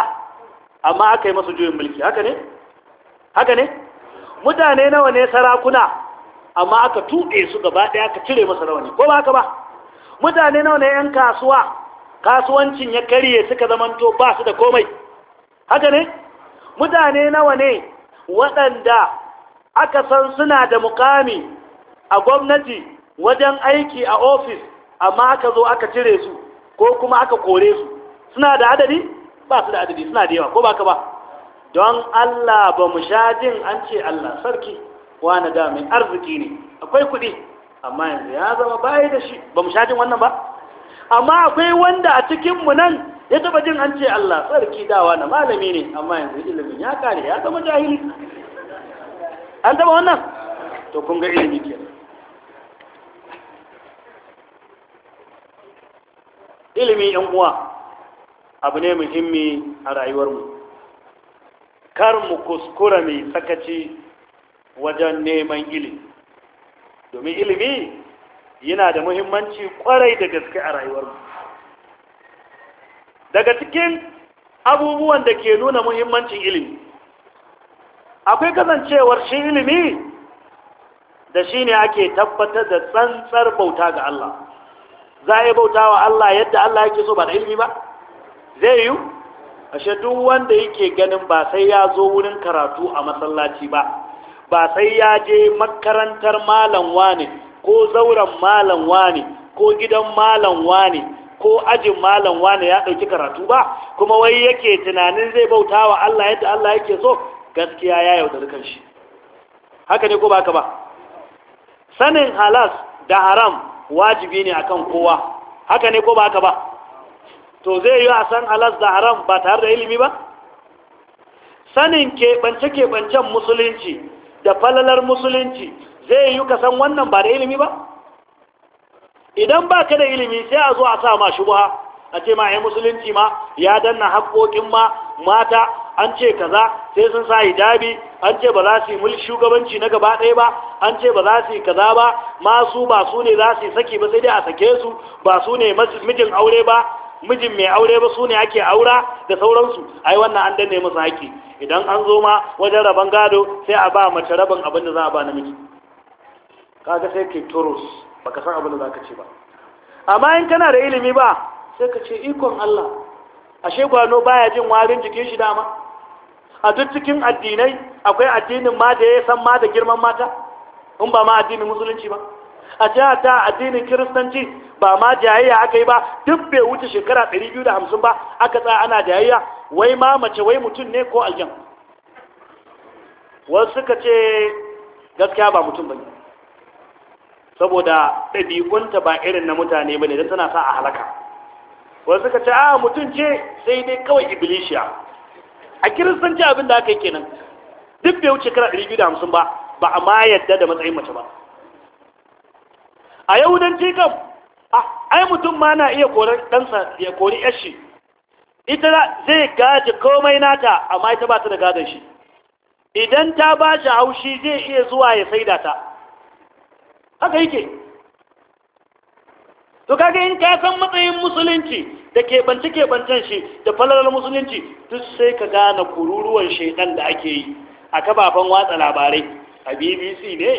amma aka yi masu juyin mulki haka ne haka ne mutane nawa ne sarakuna amma aka tuɗe su gaba ɗaya aka cire masa rawani ko ba ka ba mutane nawa ne yan kasuwa kasuwancin ya karye suka zamanto ba su da komai haka ne mutane nawa ne waɗanda aka san suna da mukami a gwamnati wajen aiki a ofis amma aka zo aka cire su ko kuma aka kore su suna da adadi ba su da adadi suna da yawa ko ba ka ba don Allah ba mu sha jin an ce Allah sarki wani da mai arziki ne akwai kuɗi amma yanzu ya zama bayi da shi ba mu shajin wannan ba amma akwai wanda a cikinmu nan ya taba jin an ce Allah sarki dawa na malami ne amma yanzu ilimin ya kare ya zama jahili an taba wannan to kun ga ilimi ke ilimi yan uwa abu ne muhimmi a rayuwarmu kar mu kuskura mai sakaci wajen neman ilimi domin ilimi yana da muhimmanci kwarai da gaske a rayuwarmu daga cikin abubuwan da ke nuna muhimmancin ilimi akwai kasancewar shi ilimi da shi ne ake tabbatar da tsantsar bauta ga Allah za a yi bauta wa Allah yadda Allah yake so ba da ilimi ba zai yiwu ashe duk wanda yake ganin ba sai ya zo wurin karatu a masallaci ba ba sai ya je makarantar malam wane ko zauren malam wani ko gidan malam wani ko ajin malam wani ya ɗauki karatu ba kuma wai yake tunanin zai bauta wa Allah yadda Allah yake so gaskiya ya yaudari kanshi haka ne ko ba ka ba sanin halas da haram wajibi ne akan kowa haka ne ko ba ka ba to zai yi a san halas da haram ba tare da ilimi ba sanin keɓance-keɓancen musulunci da falalar musulunci zai yi yuka san wannan ba da ilimi ba idan ba ka da ilimi sai a zo a sa ma shubha a ce ma ya musulunci ma ya danna haƙoƙin ma mata an ce kaza sai sun sa hijabi an ce ba za su yi shugabanci na gaba ɗaya ba an ce ba za su yi kaza ba masu ba su ne za su yi saki ba sai dai a sake su ba su ne mijin aure ba mijin mai aure ba su ne ake aura da sauransu ai wannan an danne musu haƙƙi idan an zo ma wajen rabon gado sai a ba mace rabin abin da za a ba namiji kaga sai ke turus baka san abin da za ce ba amma in kana da ilimi ba sai ka ce ikon Allah ashe gwano baya jin warin jikin shi dama a duk cikin addinai akwai addinin ma da ya san ma da girman mata in ba ma addinin musulunci ba a jihata ta addinin kiristanci ba ma jayayya aka yi ba duk bai wuce shekara 250 ba aka tsaya ana jayayya wai ma mace wai mutum ne ko aljan wasu suka ce gaskiya ba mutum ba ne saboda ɗabi'unta ba irin na mutane ba ne don tana sa a halaka wasu suka ce a ah, mutum ce sai dai kawai Ibilishiya. a kiristanci abin da aka yi kenan duk bai wuce shekara 250 ba ba a ma yadda da matsayin mace ba a yahudanci kam ai mutum ma na iya kori ɗansa ya kori yashi ita zai gaji komai nata amma ita ba ta da gadon shi idan ta ba shi haushi zai iya zuwa ya saida ta haka yake to kaga in ka san matsayin musulunci da keɓance keɓancen shi da falalar musulunci duk sai ka gane kururuwan shaidan da ake yi a kafafen watsa labarai a bbc ne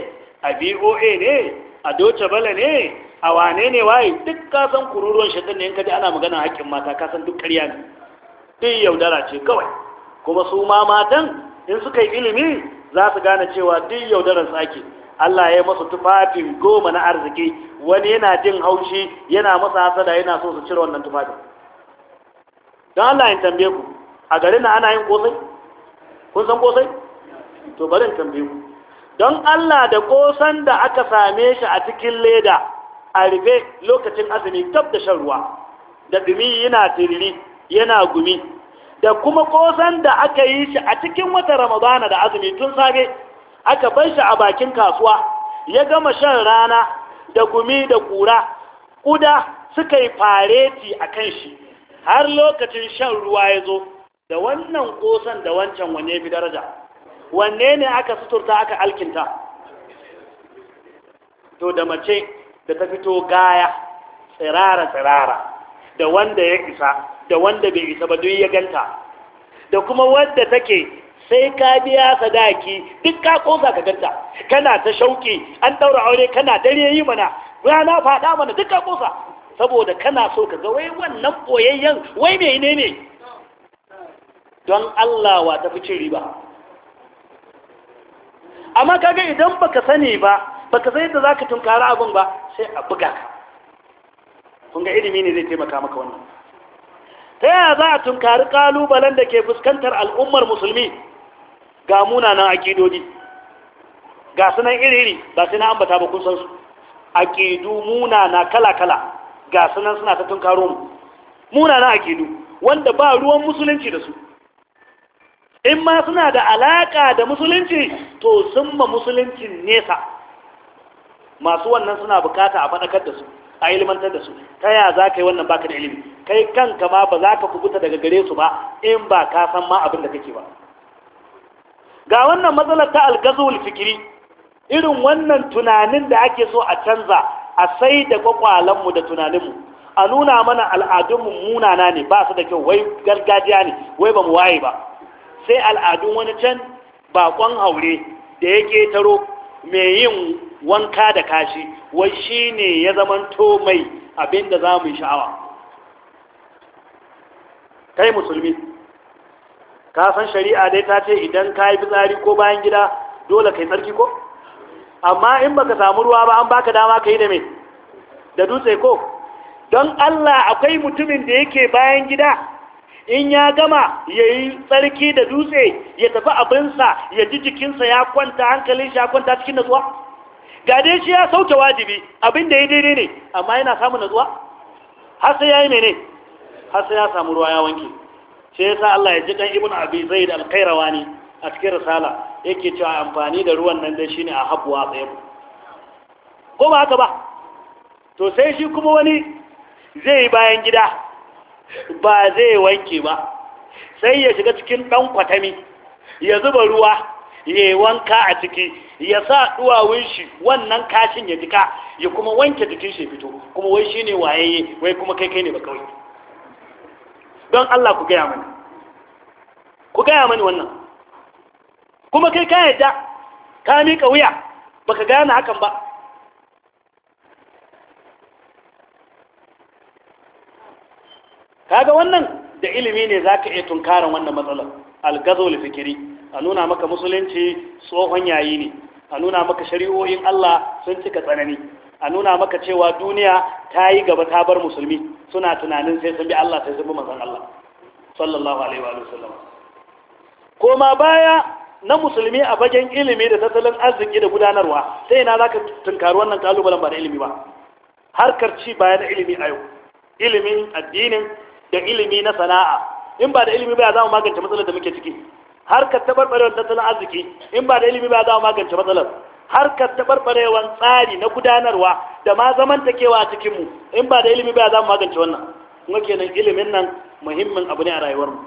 a voa ne a doce bala ne a wane ne waye duk kasan san kururuwan shaitan ne in kaji ana magana haƙƙin mata ka san duk karyar ne duk yaudara ce kawai kuma su ma matan in suka yi ilimi za su gane cewa duk yaudarar sake Allah ya masu tufafin goma na arziki wani yana jin haushi yana masa hasada yana so su cire wannan tufafin don Allah ya a garin na ana yin kun san kosai to bari in don Allah da ƙosan da aka same shi a cikin leda a rufe lokacin azumi tab da shan ruwa da dumi yana tiriri yana gumi da kuma ƙosan da aka yi shi a cikin wata ramadana da azumi tun sage aka bar shi a bakin kasuwa ya gama shan rana da gumi da ƙura ƙuda suka yi fareti a kan shi har lokacin shan ruwa ya zo da wannan ƙosan da wancan wane bi daraja wanne ne aka suturta aka alkinta to da mace da ta fito gaya tsirara-tsirara da wanda ya isa da wanda bai isa ba duk ya ganta da kuma wanda take sai ka biya sadaki duk ka kosa ka ganta kana ta shauki an daura aure kana dare yi mana rana fada mana duk ka kosa saboda kana so ka ga wai wannan boyayyen wai menene ne don Allah wa tafi cin riba amma kaga idan baka sani ba baka san yadda zaka tunkara abin ba sai a buga ka kun ga ilimi ne zai taimaka maka wannan ta yaya za a tunkari kalubalen da ke fuskantar al'ummar musulmi ga munanan akidodi ga sunan iri-iri ba sai na ambata ba kun san su akidu munana kala-kala ga sunan suna ta tunkaro mu munana akidu wanda ba ruwan musulunci da su in ma suna da alaƙa da musulunci to sun ma musuluncin nesa masu wannan suna bukata a faɗakar da su a ilmantar da su ta ya za ka yi wannan baka da ilimi kai kanka ma ba za ka kubuta daga gare su ba in ba ka san ma abin da kake ba ga wannan matsalar ta algazul fikiri irin wannan tunanin da ake so a canza a sai da mu da tunaninmu a nuna mana al'adunmu munana ne ba su da kyau wai gargajiya ne wai ba mu waye ba sai al'adun wani can bakon haure da ya taro mai yin wanka da kashi wai shi ne ya zamanto mai abin da za mu sha'awa kai musulmi ka san shari'a dai ta ce idan ka yi fitsari ko bayan gida dole kai tsarki ko amma in baka samu ruwa ba an baka dama ka yi da mai da dutse ko don Allah akwai mutumin da yake bayan gida in ya gama ya yi tsarki da dutse ya tafi abinsa ya ji jikinsa ya kwanta hankalin shi ya kwanta cikin natsuwa Gade shi ya sauke wajibi abin da ya daidai ne amma yana samun natsuwa har sai ya yi mene har sai ya samu ruwa ya wanke sai sa Allah ya ji dan ibnu abi zaid al-qayrawani a cikin risala yake cewa amfani da ruwan nan dai shine a habuwa tsaye ko ba haka ba to sai shi kuma wani zai yi bayan gida ba zai wanke ba sai ya shiga cikin ɗan kwatami ya zuba ruwa ya yi wanka a ciki ya sa duwawun shi wannan kashin ya jika ya kuma wanke jikin shi fito kuma wai shi ne wayayye wai kuma kai kai ne ba kawai don Allah ku gaya mani ku gaya mani wannan kuma kai ka yadda ka miƙa wuya baka gane hakan ba kaga wannan da ilimi ne za ka iya tunkara wannan matsalar al-gazawul fikri a nuna maka musulunci tsohon yayi ne a nuna maka shari'o'in Allah sun cika tsanani a nuna maka cewa duniya ta yi gaba ta bar musulmi suna tunanin sai sun bi Allah sai sun bi manzon Allah sallallahu alaihi wa sallam koma baya na musulmi a bagen ilimi da tattalin arziki da gudanarwa sai ina zaka tunkari wannan kalubalen ba da ilimi ba harkar ci baya da ilimi a yau ilimin addinin da ilimi na sana'a in ba da ilimi ba za mu magance matsalar da muke ciki Har harkar tabarbarewar tattalin arziki in ba da ilimi ba za mu magance matsalar Har ka tabarbarewar tsari na gudanarwa da ma kewa a cikinmu in ba da ilimi ba za mu magance wannan kuma kenan ilimin nan muhimmin abu ne a rayuwarmu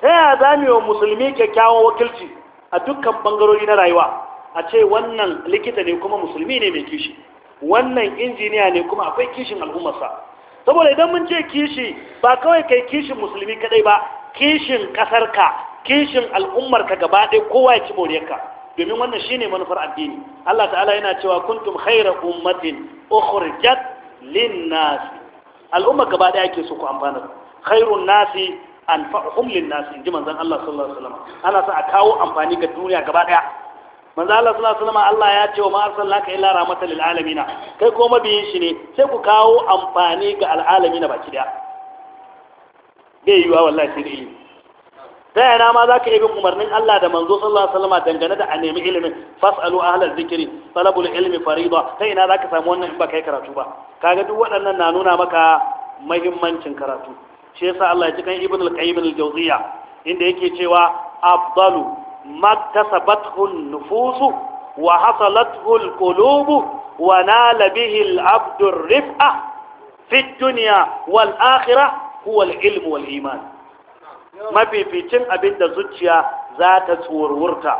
ta yaya za mu yi wa musulmi kyakkyawan wakilci a dukkan bangarori na rayuwa a ce wannan likita ne kuma musulmi ne mai kishi wannan injiniya ne kuma akwai kishin al'ummarsa saboda idan mun ce kishi ba kawai kai kishin musulmi kadai ba kishin kasarka kishin al'ummarka gaba ɗaya kowa ya ci moriyarka domin wannan shine manufar addini Allah ta'ala yana cewa kuntum khayra ummatin ukhrijat lin-nas al'umma gaba ɗaya ake so ku amfana khairun nasi anfa'uhum lin-nas inji manzon Allah sallallahu alaihi wasallam ana sa a kawo amfani ga duniya gaba ɗaya manzo Allah sallallahu alaihi wasallam Allah ya ce wa ma arsalnaka illa lara lil alamin kai ko mabiyin shi ne sai ku kawo amfani ga al alamin baki daya bai yiwa wallahi sai ilimi ta yana ma zaka yi bin umarnin Allah da manzo sallallahu alaihi wasallam dangane da a nemi ilimin fasalu ahlal zikri talabul ilmi farida ta ina zaka samu wannan in ba kai karatu ba kaga duk waɗannan na nuna maka muhimmancin karatu shi yasa Allah ya ci kan ibn qayyim al-jawziya inda yake cewa afdalu maktasabathu nufusu wa hasalathu alqulubu wa nala bihi alabdu rif'a fi dunya wal akhirah huwa alilm wal iman mafificin abinda zuciya za ta tsorurta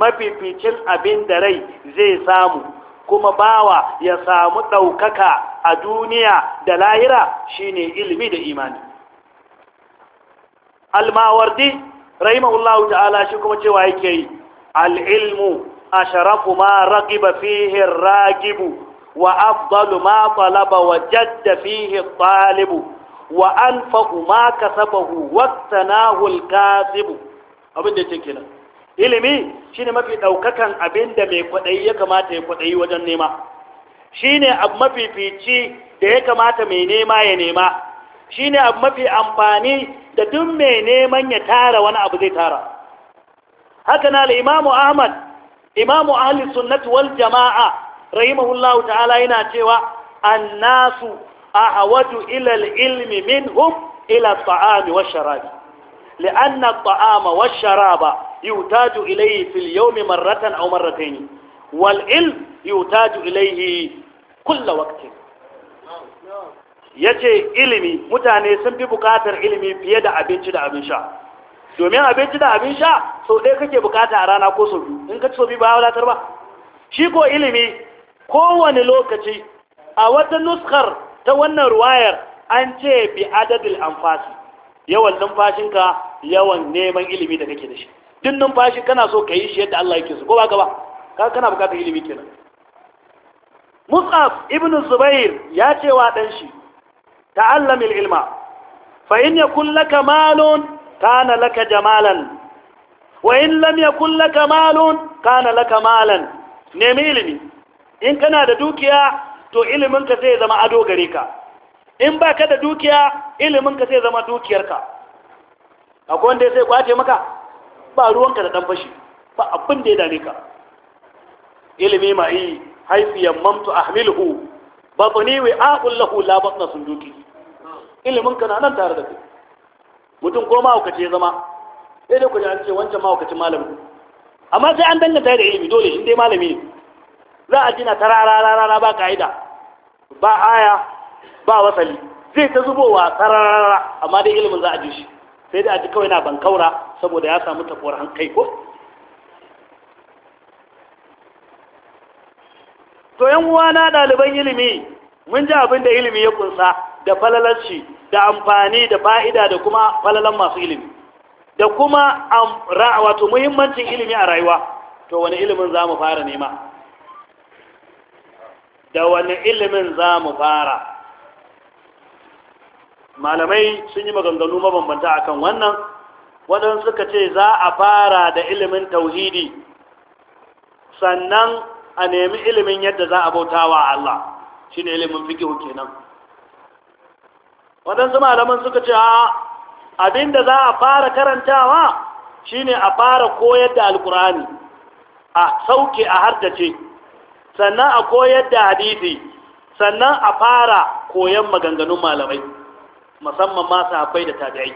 mafificin abinda rai zai samu kuma bawa ya samu ɗaukaka a duniya da lahira shine ilimi da imani almawardi rahimahullahu ta'ala shi kuma cewa yake yi al-ilmu asharafu ma raqiba ragibu, raqibu wa afdalu ma talaba wa jadda fihi talibu wa anfaqu ma kasabahu waqtanahu al-kasibu abin da yake kenan ilimi shine mafi ɗaukakan abinda mai kwaɗayi ya kamata ya kwaɗayi wajen nema shine abu mafifici da ya kamata mai nema ya nema shine abu mafi amfani da duk mai neman ya tara wani abu zai tara haka na imamu ahmad imamu ahli sunnati wal jama'a rahimahullahu ta'ala yana cewa annasu ahwaju ila al-ilmi minhum ila at-ta'ami wash-sharabi لأن الطعام والشراب يحتاج إليه في اليوم مرة أو مرتين والعلم يحتاج إليه كل وقت ya ce ilimi mutane sun fi bukatar ilimi fiye da abinci da abin sha domin abinci da abin sha sau ɗaya kake bukata a rana ko sau in ka ci sau biyu ba wadatar ba shi ko ilimi kowane lokaci a wata nuskar ta wannan ruwayar an ce bi adadil amfasi yawan numfashinka yawan neman ilimi da kake da shi duk numfashi kana so ka yi shi yadda Allah yake so ko ba ka ba ka kana bukatar ilimi kenan Mus'ab ibn Zubair ya ce wa dan shi ta'allam ilma fa in yakun laka malun kana laka jamalan wa in lam yakun laka malun kana laka malan nemi ilimi in kana da dukiya to ilimin ka sai zama ado gareka, ka in baka da dukiya ilimin ka sai zama dukiyarka akwai wanda sai kwace maka ba ruwanka da dan fashi ba abin da ya dame ka ilimi ma yi haifiyan mamtu ahmilhu ba ba ne wai aqul lahu la batna sunduki ilimin kana nan tare da kai mutum ko ma hukace zama sai dai ku ji an ce wancan ma hukacin malami amma sai an danganta da ilimi dole in dai malami ne za a jina ta rararara ba ka'ida ba aya ba wasali zai ta zubowa tararara amma dai ilimin za a ji shi sai dai a ji kawai na bankaura saboda ya samu tafuwar hankali ko to yan uwana ɗaliban ilimi mun ji abin da ilimi ya kunsa da falalarci da amfani da fa'ida da kuma falalan masu ilimi da kuma wato muhimmancin ilimi a rayuwa to wani ilimin za mu fara nema da wani ilimin za mu fara malamai sun yi maganganu mabambanta akan wannan waɗansu suka ce za a fara da ilimin tauhidi sannan a nemi ilimin yadda za a bauta wa Allah shi ne ilimin fikihu kenan waɗansu malaman suka ce abinda za a fara karantawa shi ne a fara koyar da alkurani a sauke a hardace sannan a koyar da hadisi sannan a fara koyan maganganun malamai musamman masu haifai da tabi'ai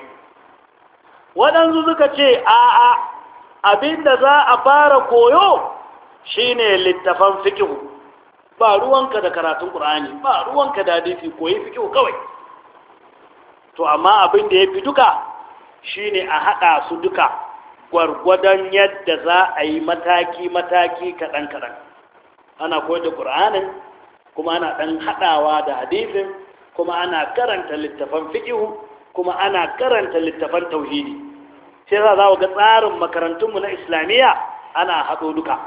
waɗansu suka ce a'a abinda za a fara koyo shine littafan fikihu ba ruwanka da karatun ƙur'ani ba ruwanka da hadisi koyi fikihu kawai to amma abin da ya fi duka shine a haɗa su duka gwargwadon yadda za a yi mataki-mataki kaɗan-kaɗan ana koyar da ƙur'anin kuma ana ɗan haɗawa da hadisin kuma ana karanta littafan fikihu kuma ana karanta littafan tauhidi sai za za ga tsarin makarantunmu na islamiyya ana haɗo duka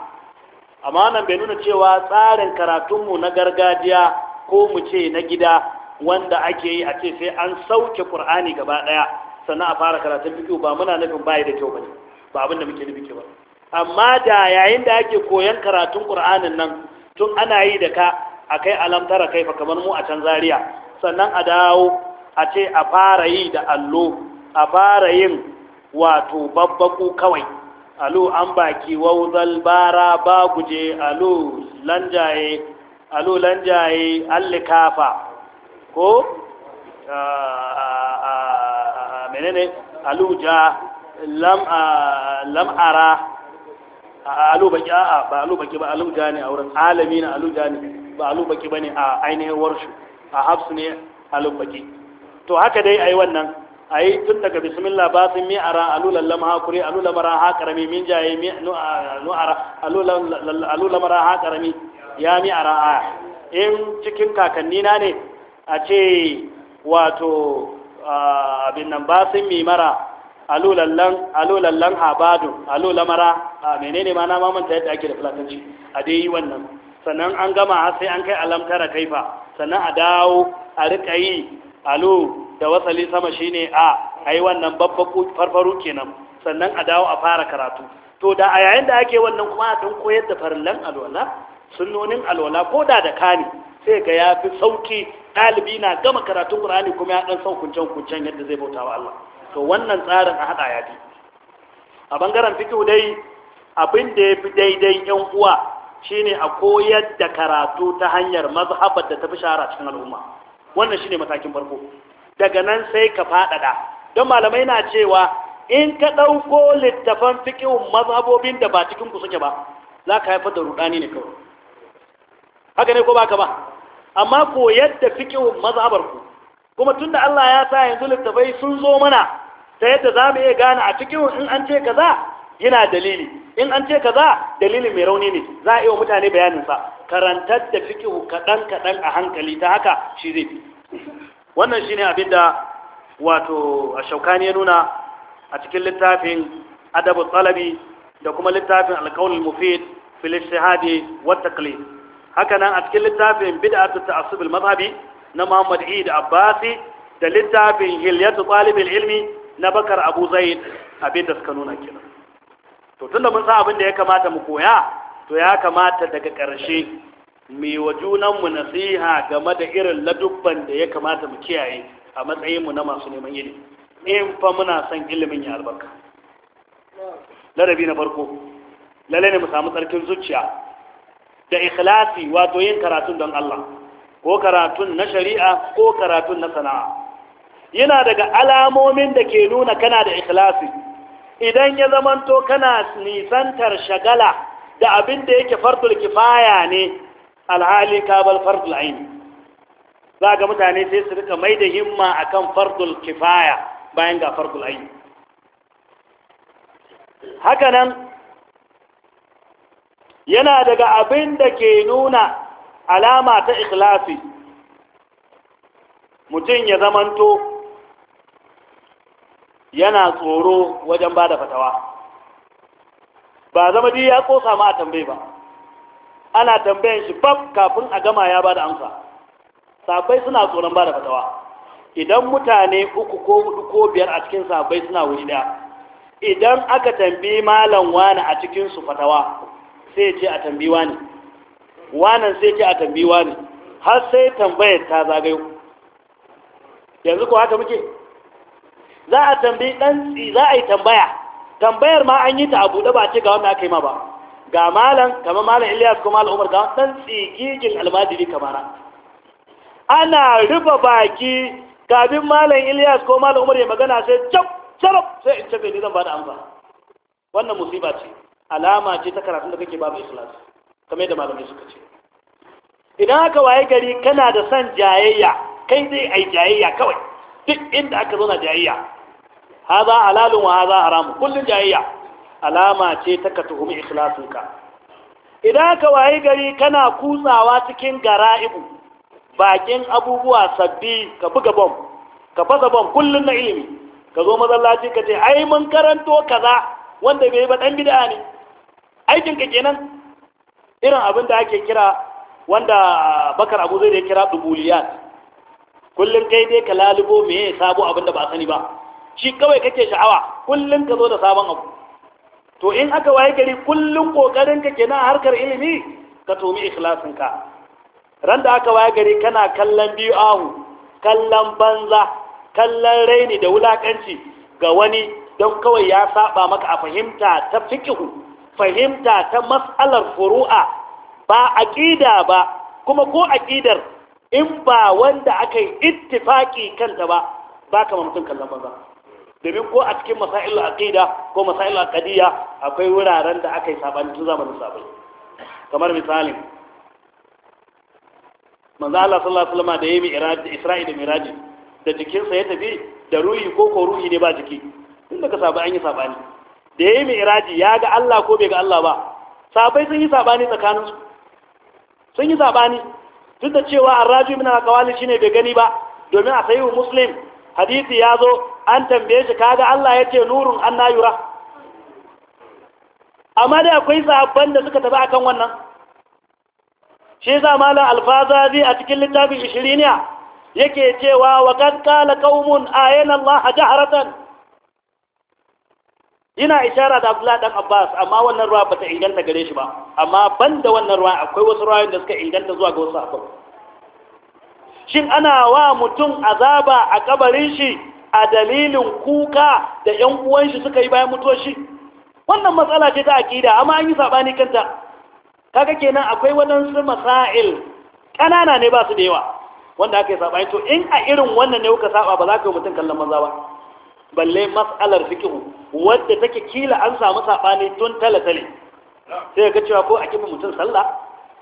amma nan bai nuna cewa tsarin karatunmu na gargajiya ko mu ce na gida wanda ake yi a ce sai an sauke qur'ani gaba daya sannan a fara karatun biki ba muna nufin bai da kyau bane ba abin da muke nufi ba amma da yayin da ake koyan karatun qur'anin nan tun ana yi da ka akai alamtara kai fa kamar mu a can zaria sannan a dawo a ce a fara yi da allo a fara yin wato babbaku kawai alu an baki wauzal bara ba guje alu lanjaye Alu, lanjaye allikafa ko ah, ah, ah, menene Ja, lam lam ara alu baki a ba alu baki ba ja ne a wurin alami na ja ne ba alu baki ba bane a ainihin warshu a hafsu ne alu baki to haka dai ai wannan a yi tun daga bismillah ba sun mi ara alulan lamha kuri alulan mara ha karami min jaye mi ara alulan mara ha karami ya mi ara in cikin kakanni na ne a ce wato abin nan ba sun mi mara lan habadun alulamara a menene ma na mamanta yadda ake da fulatanci a dai yi wannan sannan an gama sai an kai alamtara kaifa sannan a dawo a riƙa yi alu da wasali sama shine a ayi wannan babbaku farfaru kenan sannan a dawo a fara karatu to da a yayin da ake wannan kuma a dan koyar da farillan alwala sunnonin alwala ko da da kani sai ga yafi sauki ɗalibi na gama karatun qur'ani kuma ya dan saukuncen kuncen yadda zai bauta wa Allah to wannan tsarin a hada ya bi a bangaren fiqh dai abin da ya fi daidai yan uwa shine a koyar da karatu ta hanyar mazhabar da ta fi shahara cikin al'umma wannan shine matakin farko daga nan sai ka faɗaɗa don malamai na cewa in ka ɗauko littafan fikin mazhabobin da ba cikin ku suke ba za ka haifar da rudani ne kawai haka ne ko ba ka ba amma ko yadda fikin mazhabar ku kuma tun da Allah ya sa yanzu littafai sun zo mana ta yadda za mu iya gane a cikin in an ce kaza yana dalili in an ce kaza dalili mai rauni ne za a iya wa mutane bayaninsa karantar da fikihu kaɗan kaɗan a hankali ta haka shi zai fi wannan shine abin da wato shaukani ya nuna a cikin littafin adabu talabi da kuma littafin alkawul mufid fil ijtihadi wa haka nan a cikin littafin bid'atu ta'assub mazhabi na Muhammad Eid Abbasi da littafin hilyatu talib ilmi na Bakar Abu Zaid abin da suka nuna kenan to tunda mun san abin da ya kamata mu koya to ya kamata daga ƙarshe mai wa junanmu nasiha game da irin ladubban da ya kamata mu kiyaye a matsayinmu na masu neman ilimi in fa muna son ilimin ya albarka larabi na farko lalle ne mu samu tsarkin zuciya da ikhlasi wato yin karatun don Allah ko karatun na shari'a ko karatun na sana'a yana daga alamomin da ke nuna kana da ikhlasi idan ya zamanto kana nisantar shagala da abin da yake fardul kifaya ne alhali ka bar fardul aini za ga mutane sai su rika mai da himma kan fardul kifaya bayan ga fardul aini haka nan yana daga abin da ke nuna alama ta ikhlasi mutum ya zamanto yana tsoro wajen bada fatawa ba zama ya kosa ma a tambaye ba ana tambayan shi bab kafin a gama ya ba da amsa sabai suna tsoron ba da fatawa idan mutane uku ko hudu ko biyar a cikin sabai suna wuri daya idan aka tambi malam wani a cikin su fatawa sai ce a tambi wani wanan sai ce a tambi wani har sai tambayar ta zagayo yanzu ko haka muke za a tambi dan za a yi tambaya tambayar ma an yi ta Abu da ba ce ga wanda aka yi ma ba ga malam kamar malam Ilyas ko malam Umar ga dan tsigigin almajiri kamara ana rufe baki kafin malam Ilyas ko malam Umar ya magana sai cap cap sai in ce bai zan ba da amsa wannan musiba ce alama ce ta karatun da kake babu ikhlas kamar yadda malamai suka ce idan aka waye gari kana da son jayayya kai dai ai jayayya kawai duk inda aka zo na jayayya haza halalun wa haza haramun kullun jayayya alama ce ta ka tuhumi ikhlasinka idan ka wayi gari kana kutsawa cikin gara'ibu bakin abubuwa sabbi ka buga bom ka fasa bom kullum na ilimi ka zo masallaci ka ce ai mun karanto kaza wanda bai ba dan bid'a ne aikin ka kenan irin abin da ake kira wanda bakar abu zai da kira dubuliyat kullum kai dai ka lalubo me ya sabo abin da ba sani ba shi kawai kake sha'awa kullum ka zo da sabon abu to in aka waye gari kullum kokarin ka kenan harkar ilimi ka tomi ikhlasin ka ran da aka waye gari kana kallon biyu ahu kallon banza kallon raini da wulakanci ga wani don kawai ya saba maka a fahimta ta fikihu fahimta ta mas'alar furu'a ba aqida ba kuma ko aqidar in ba wanda aka yi ittifaki kanta ba ba ka mutum kallon banza domin ko a cikin a aqida ko a aqidiyya akwai wuraren da aka yi sabani tun zamanin sabai kamar misalin, manzo Allah sallallahu alaihi wasallam da yayi mi'raj Isra'i da mi'raj da jikinsa ya tafi da ruhi ko ko ruhi ne ba jiki tun daga sabai an yi sabani da yayi mi'raj ya ga Allah ko bai ga Allah ba sabai sun yi sabani tsakaninsu sun yi sabani duk da cewa arraju min shi shine bai gani ba domin a sayi muslim hadisi ya zo an tambaye shi kaga Allah ya ce nurun an na yura amma da akwai sahabban da suka tafi akan wannan shi za malam alfazazi a cikin littafin ishiriniya yake cewa wa kad kala qaumun ayana Allah jahratan ina ishara da Abdullah dan Abbas amma wannan ruwa bata inganta gare shi ba amma banda wannan ruwa akwai wasu ruwayoyin da suka inganta zuwa ga wasu sahabbai shin ana wa mutum azaba a kabarin shi a dalilin kuka da yan uwan shi suka yi bayan mutuwar shi wannan matsala ce ta akida amma an yi sabani kanta kaga kenan akwai wadansu masail ƙanana ne ba su da yawa wanda aka yi sabani to in a irin wannan ne kuka saba ba za ka yi mutum kallon maza ba balle mas'alar fikihu wadda take kila an samu sabani tun tale-tale sai ka cewa ko a kifi mutum sallah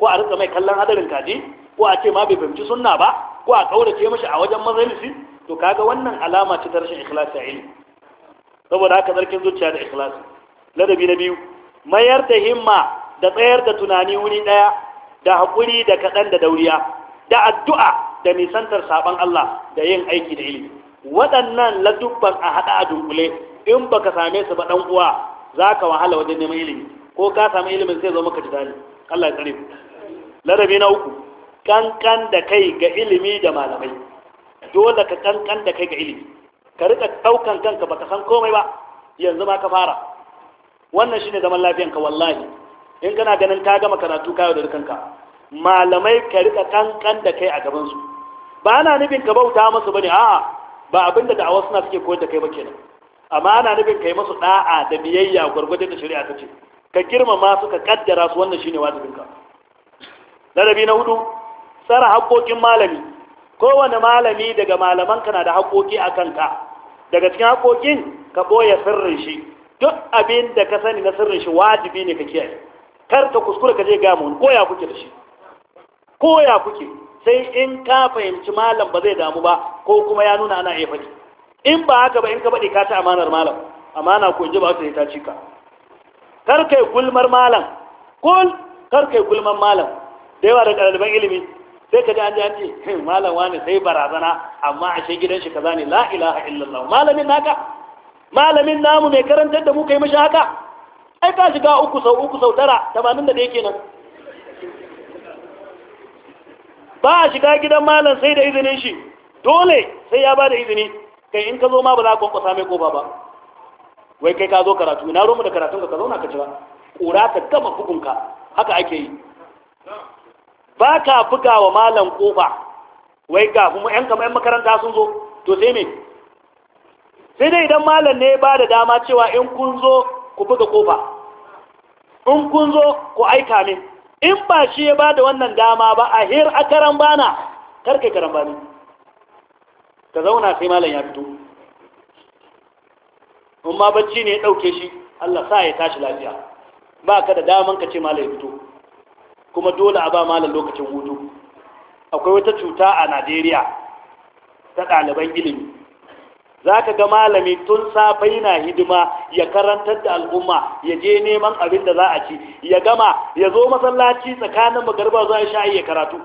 ko a rika mai kallon hadarin kaji ko a ce ma bai fahimci sunna ba ko a kaurace mashi a wajen majalisi to kaga wannan alama ce ta rashin ikhlasi a ilimi saboda haka zarkin zuciya da ikhlasi ladabi na biyu mayar da himma da tsayar da tunani wuri daya da haƙuri da kaɗan da dauriya da addu'a da nisantar saban Allah da yin aiki da ilimi waɗannan ladubban a haɗa a dunkule in baka same su ba ɗan uwa za ka wahala wajen neman ilimi ko ka sami ilimin sai zo maka ji Allah ya tsare ladabi na uku kankan da kai ga ilimi da malamai dole ka kankan da kai ga ilimi ka rika daukan kanka baka san komai ba yanzu ma ka fara wannan shine zaman lafiyan ka wallahi in kana ganin ka gama karatu kayo da kanka malamai ka rika kankan da kai a gaban su ba ana nufin ka bauta musu bane a'a ba abinda da'awa suna suke koyar da kai ba kenan amma ana nufin kai musu da'a da biyayya gurgurdin da shari'a ta ce ka girmama su ka kaddara su wannan shine na rabi na hudu tsara haƙoƙin malami kowane malami daga malaman kana da haƙoƙi a kanka daga cikin haƙoƙin ka ɓoye sirrin shi duk abin da ka sani na sirrin shi wajibi ne ka kiyaye kar ka kuskura ka je ga mu ko ya kuke da shi ko ya kuke sai in ka fahimci malam ba zai damu ba ko kuma ya nuna ana iya faɗi in ba haka ba in ka faɗi ka ci amanar malam amana ko ji ba su ta cika kar kai gulmar malam kul kar kai gulmar malam da yawa da ɗaliban ilimi sai ka ji an ce hmm, malam wani sai barazana amma ashe gidan shi kaza ne la ilaha illallah malamin naka malamin namu mai karantar da mu kai mashi haka ai ka shiga uku sau uku sau tara tamanin da ɗaya kenan ba a shiga gidan malam sai da izinin shi dole sai ya ba da izini kai in ka zo ma ba za ka kwankwasa mai kofa ba wai kai ka zo karatu ina romu da karatun ka ka zauna ka cira ƙura ta gama hukunka haka ake yi ba ka buga wa malam kofa wai ga kuma yan kamar makaranta sun zo to sai me sai dai idan malam ne ba da dama cewa in kun zo ku buga kofa in kun zo ku aika min in ba shi ya ba da wannan dama ba a hir a karan bana karkai karan bani ka zauna sai malam ya fito Amma bacci ne ya ɗauke shi Allah sa ya tashi lafiya ba ka da daman ka ce malam ya fito kuma dole a ba malam lokacin hutu akwai wata cuta a najeriya ta ɗaliban ilimi za ka ga malami tun safe yana hidima ya karantar da al'umma ya je neman abin da za a ci ya gama ya zo masallaci tsakanin magarba zuwa sha ya karatu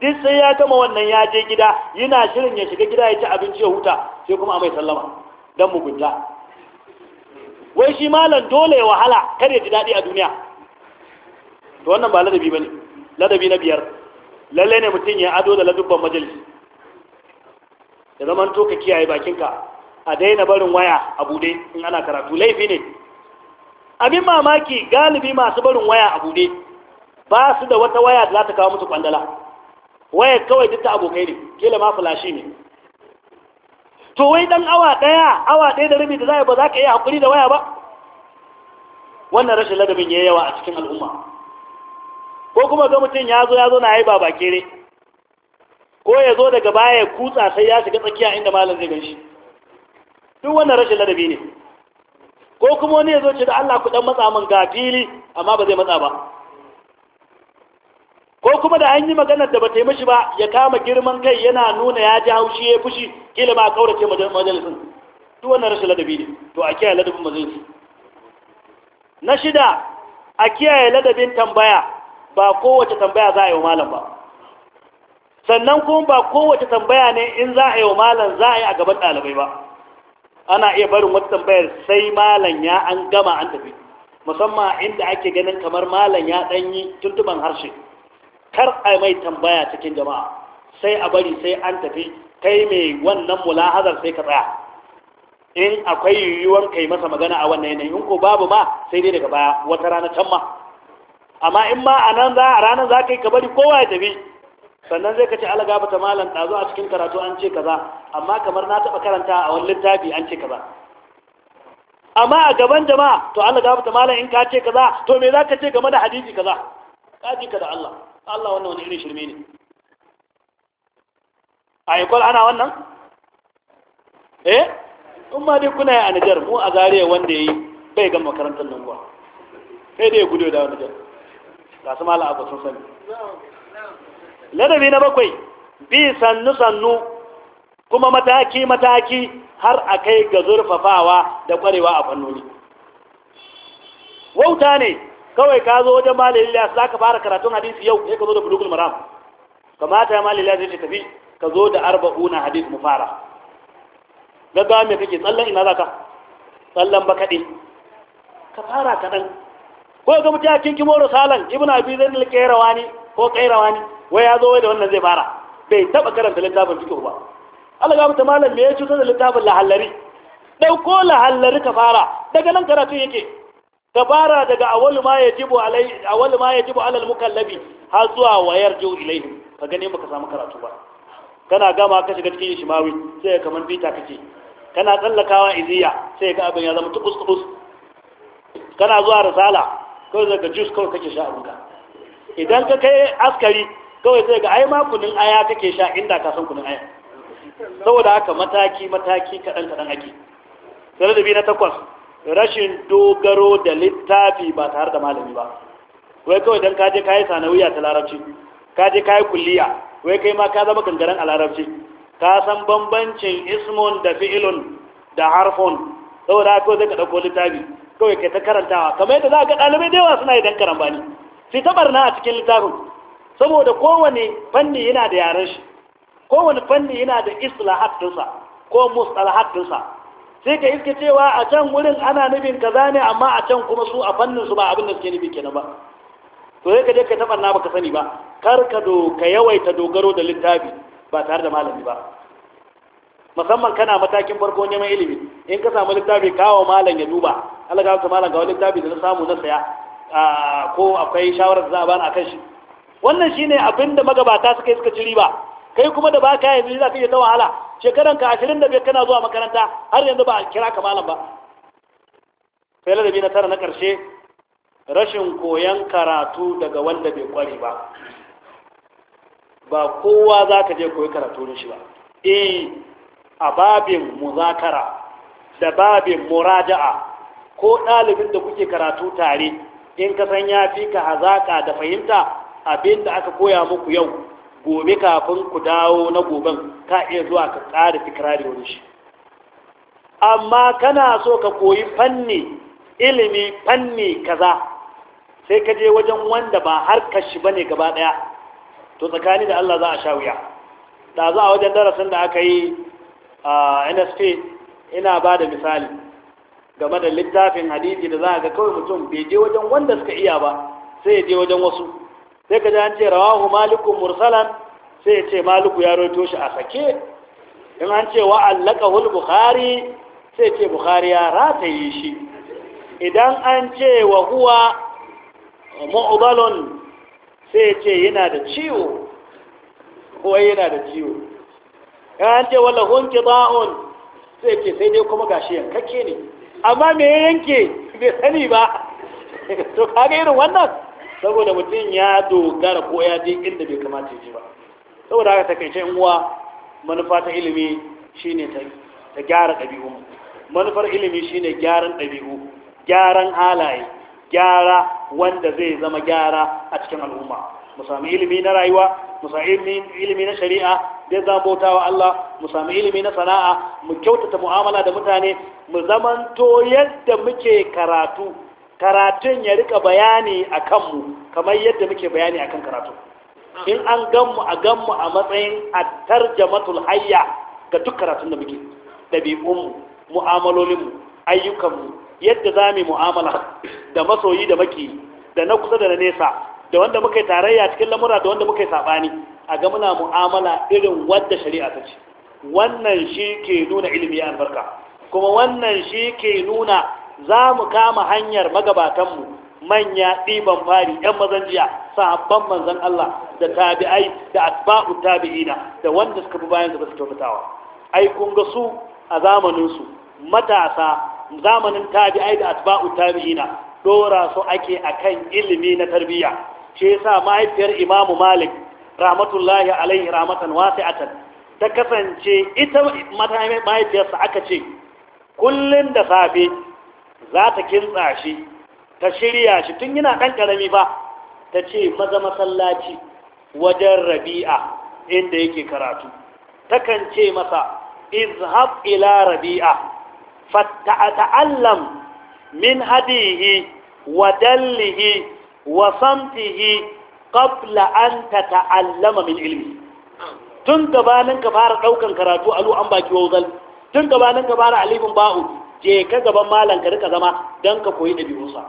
duk sai ya gama wannan ya je gida yana shirin ya shiga gida ya ci abinci ya huta sai kuma a mai sallama don mugunta wai shi malam dole ya wahala kar ya ji daɗi a duniya to wannan ba ladabi bane ladabi na biyar lalle ne mutum ya ado da ladubban majalisi da zaman to ka kiyaye bakinka a daina barin waya a bude in ana karatu laifi ne abin mamaki galibi masu barin waya a bude ba su da wata waya da za ta kawo musu kwandala waya kawai duk ta abokai ne kila ma ne to wai dan awa daya awa daya da rabi da zai ba za ka iya hakuri da waya ba wannan rashin ladabin yayi yawa a cikin al'umma ko kuma ga mutum ya zo ya zo na yi ba bakere ko ya zo daga baya ya kutsa sai ya shiga tsakiya inda malam zai ganshi duk wannan rashin ladabi ne ko kuma wani ya zo ce da Allah ku dan matsa min ga fili amma ba zai matsa ba ko kuma da an yi maganar da ba ta yi mishi ba ya kama girman kai yana nuna ya ji haushi ya fushi kila ma kaurace majalisin duk wannan rashin ladabi ne to a kiyaye ladabin majalisi na shida a kiyaye ladabin tambaya ba kowace tambaya za a yi wa malam ba sannan kuma ba kowace tambaya ne in za a yi wa malam za a yi a gaban ɗalibai ba ana iya barin wata tambayar sai malam ya an gama an tafi musamman inda ake ganin kamar malam ya yi tuntuban harshe kar a mai tambaya cikin jama'a sai a bari sai an tafi kai mai wannan mulahazar sai ka tsaya in akwai yiwuwar kai masa magana a wannan yanayi ko babu ma sai dai daga baya wata rana can ma amma in ma a nan za a ranar za ka yi ka bari kowa ya tafi sannan zai kaci ce alaga bata malam ɗazu a cikin karatu an ce kaza amma kamar na taɓa karanta a wani littafi an ce kaza amma a gaban jama'a to alaga bata malam in ka ce kaza to me za ka ce game da hadisi kaza ka ji ka da Allah Allah wannan wani irin shirme ne a ikwal ana wannan eh in ma dai kuna a Nijar mu a zariya wanda ya yi bai ga makarantar nan ba sai dai ya gudu da Nijar ga su mala abu sun sani ladabi na bakwai bi sannu sannu kuma mataki mataki har a kai ga zurfafawa da kwarewa a fannoni wauta ne kawai ka zo wajen malin ilyas za ka fara karatun hadisi yau sai ka zo da bulugul maram kamata ya malin ilyas ya tafi ka zo da arba'una hadis mu fara gaggawa me kake tsallan ina za ka tsallan bakaɗe ka fara kaɗan ko ga mutum yakin kimo moro salan ibn abi zan kairawa ne ko kairawa ne wai ya zo wai da wannan zai fara bai taba karanta littafin fiqh ba Allah ga mutum malam me ya cutar da littafin lahallari dauko lahallari ka fara daga nan karatu yake ka fara daga awwalu ma yajibu alai awwalu ma yajibu alal mukallabi har zuwa wayar jiu ilaihi ka gane baka samu karatu ba kana gama ka shiga cikin ishimawi sai kamar bita kace kana tsallakawa iziya sai ka abin ya zama tukus tukus kana zuwa risala kawai daga jus kawai kake sha abuka idan ka kai askari kawai sai ga ai ma kunin aya kake sha inda ka san kunin aya saboda haka mataki mataki kaɗan kaɗan ake sai da bi na takwas rashin dogaro da littafi ba tare da malami ba wai kawai dan ka je sanawiya ta larabci ka je kulliya wai kai ma ka zama gangaren a larabci ka san bambancin ismun da fi'ilun da harfun saboda haka zai ka ɗauko littafi kawai kai ta karantawa kamar yadda za ga ɗalibai da yawa suna yi dan ne sai ta barna a cikin littafin saboda kowane fanni yana da yaren shi kowane fanni yana da islahat ko mustalahat sai ka iske cewa a can wurin ana nufin kaza ne amma a can kuma su a fannin su ba abin da suke nufi kenan ba to sai ka je ka taɓa na baka sani ba kar ka do ka yawaita dogaro da littafi ba tare da malami ba musamman kana matakin farko neman ilimi in ka samu littafi kawo malam ya duba Allah ka malam ga littafi da na samu na saya ko akwai shawarar za a bani akan shi wannan shine abin da magabata suka yi suka ci riba kai kuma da baka yanzu za ka yi ta wahala shekaran ka 25 kana zuwa makaranta har yanzu ba a kira ka malam ba sai ladabi na tara na karshe rashin koyan karatu daga wanda bai kware ba ba kowa za ka je koyi karatu da shi ba eh a babin muzakara da babin muraja'a ko ɗalibin da kuke karatu tare in ka san ya fi ka hazaƙa da fahimta abin da aka koya muku yau gobe kafin ku dawo na goben ka iya zuwa ka ƙara fikirari wani shi amma kana so ka koyi fanni ilimi fanni kaza sai ka je wajen wanda ba har shi ba ne gaba ɗaya to tsakani da Allah za a sha wuya da za a wajen darasin da aka yi a nsp ina ba da misali game da littafin hadisi da za a ga kawai mutum bai je wajen wanda suka iya ba sai ya je wajen wasu sai ka an ce rawahu maliku mursalan sai ya ce maliku ya roto shi a sake in an ce wa allaka hul bukhari sai ce bukhari ya rataye shi idan an ce wa huwa maubalon sai ce yana da ciwo ko yana da ciwo ya ce wala hunki ba'un sai ce sai dai kuma gashi yankakke ne amma me yanke bai sani ba <laughs> to kaga irin wannan saboda mutum ya dogara ko ya je inda bai kamata ji ba saboda haka takaice uwa manufa ta ilimi shine ta gyara ɗabi'u manufar ilimi shine gyaran ɗabi'u gyaran halaye gyara wanda zai zama gyara a cikin al'umma mu sami ilimi na rayuwa mu ilimi na shari'a da za bauta wa Allah mu sami ilimi na sana'a mu kyautata mu'amala da mutane mu zamanto yadda muke karatu karatun ya rika bayani a kanmu kamar yadda muke bayani akan karatu in an ganmu a ganmu a matsayin at-tarjamatul hayya ga duk karatun da muke ɗabi'unmu mu'amalolinmu ayyukanmu yadda za mu mu'amala da masoyi da muke da na kusa da na nesa da wanda muka yi tarayya cikin lamura da wanda muka yi saɓani a ga muna mu'amala irin wadda shari'a ta ce wannan shi ke nuna ilimi ya albarka kuma wannan shi ke nuna za mu kama hanyar magabatanmu manya ɗiban fari ‘yan mazan jiya sahabban manzan Allah da tabi'ai da asba'u tabi'ina da wanda suka fi bayan zaba suka fitawa. ai kun ga su a zamaninsu matasa zamanin tabi'ai da asba'u tabi'ina dora su ake akan ilimi na tarbiyya ce sa mahaifiyar imamu malik rahmatullahi alaihi rahmatan atan ta kasance ita mahaifiyarsa aka ce kullum da safe za ta kintsa shi ta shirya shi tun yana ɗan ƙarami ba ta ce maza masallaci wajen rabi'a inda yake karatu takan ce masa izhab ila rabi'a ta'allam min hadihi wa dallihi wa samtihi qabla an tata'allama min ilmi tun gabanin ka fara daukan karatu alu an baki wazal tun gabanin ka fara alifin ba'u je ka gaban malam ka rika zama dan ka koyi dabi'unsa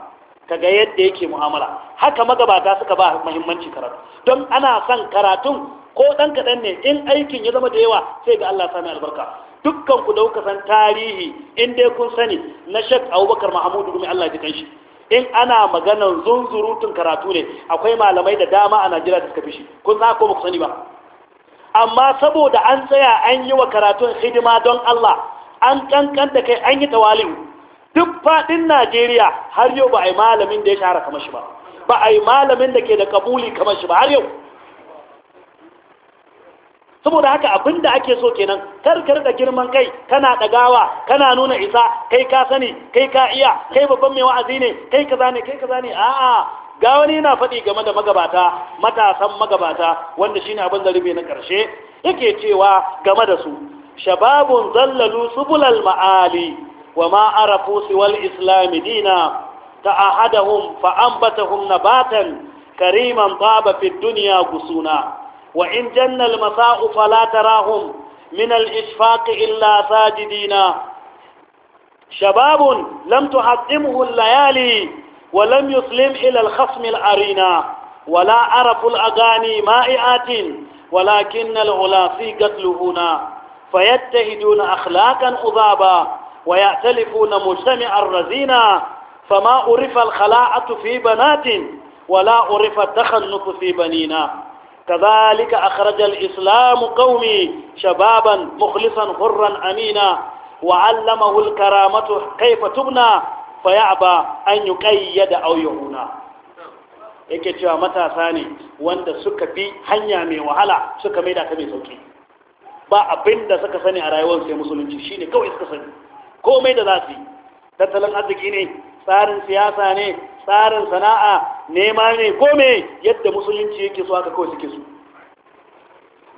kaga yadda yake mu'amala haka magabata suka ba muhimmanci karatu don ana son karatun ko ɗan kaɗan ne in aikin ya zama da yawa sai ga Allah sami albarka dukkan ku dauka san tarihi in dai kun sani na shek abubakar Mahmudu gumi Allah ji kanshi in ana maganar zunzurutun karatu ne akwai malamai da dama a najeriya da suka fi shi kun za ko sani ba amma saboda an tsaya an yi wa karatun hidima don allah an kankan da kai an yi tawali duk faɗin najeriya har yau ba a yi malamin da ya shahara kamar shi ba ba a yi malamin da ke da kabuli kamar shi ba har yau saboda haka abin da ake so kenan karkar da girman kai kana dagawa kana nuna isa kai ka sani kai ka iya kai babban mai wa'azi ne kai kaza ne kai kaza ne a'a ga wani yana faɗi game da magabata matasan magabata wanda shine abin da rubi na karshe yake cewa game da su shababun zallalu subulal ma'ali wa ma arafu siwal islami dina ta'ahadahum fa ambatahum nabatan kariman taba fi dunya gusuna وإن جن المساء فلا تراهم من الإشفاق إلا ساجدين شباب لم تحطمه الليالي ولم يسلم إلى الخصم الأرينا ولا أرف الأغاني مائعات ولكن العلا في قتلهنا فيتهدون أخلاقا أذابا ويأتلفون مجتمعا رزينا فما أرف الخلاعة في بنات ولا أرف التخنط في بنينا كذلك أخرج الإسلام قومي شبابا مخلصا حرا أمينا وعلمه الكرامة كيف تبنى فيعبى أن يقيد أو يهونا yake cewa matasa ne wanda suka bi hanya mai wahala suka mai ta mai sauki ba abin da suka sani a rayuwar sai musulunci shine kawai suka sani komai da za su yi tattalin arziki ne tsarin siyasa ne tsarin sana'a nema ne ko me yadda musulunci yake so aka kawai suke su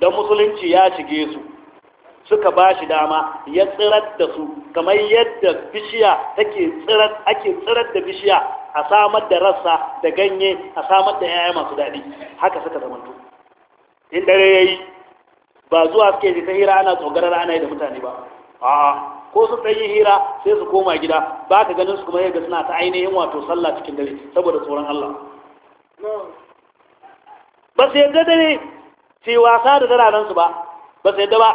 don musulunci ya shige su suka ba shi dama ya tsirar da su kamar yadda bishiya ake tsirar da bishiya a samar da rassa da ganye a samar da 'ya'ya masu daɗi haka suka to in dare yayi ba zuwa suke ta hira ana tsogarar ana yi da mutane ba a'a ko sun ɗanyi hira sai su koma gida ba ka ganin su kuma yadda suna ta ainihin wato sallah cikin dare saboda tsoron Allah ba su yadda dare su yi wasa da dararen su ba ba su yadda ba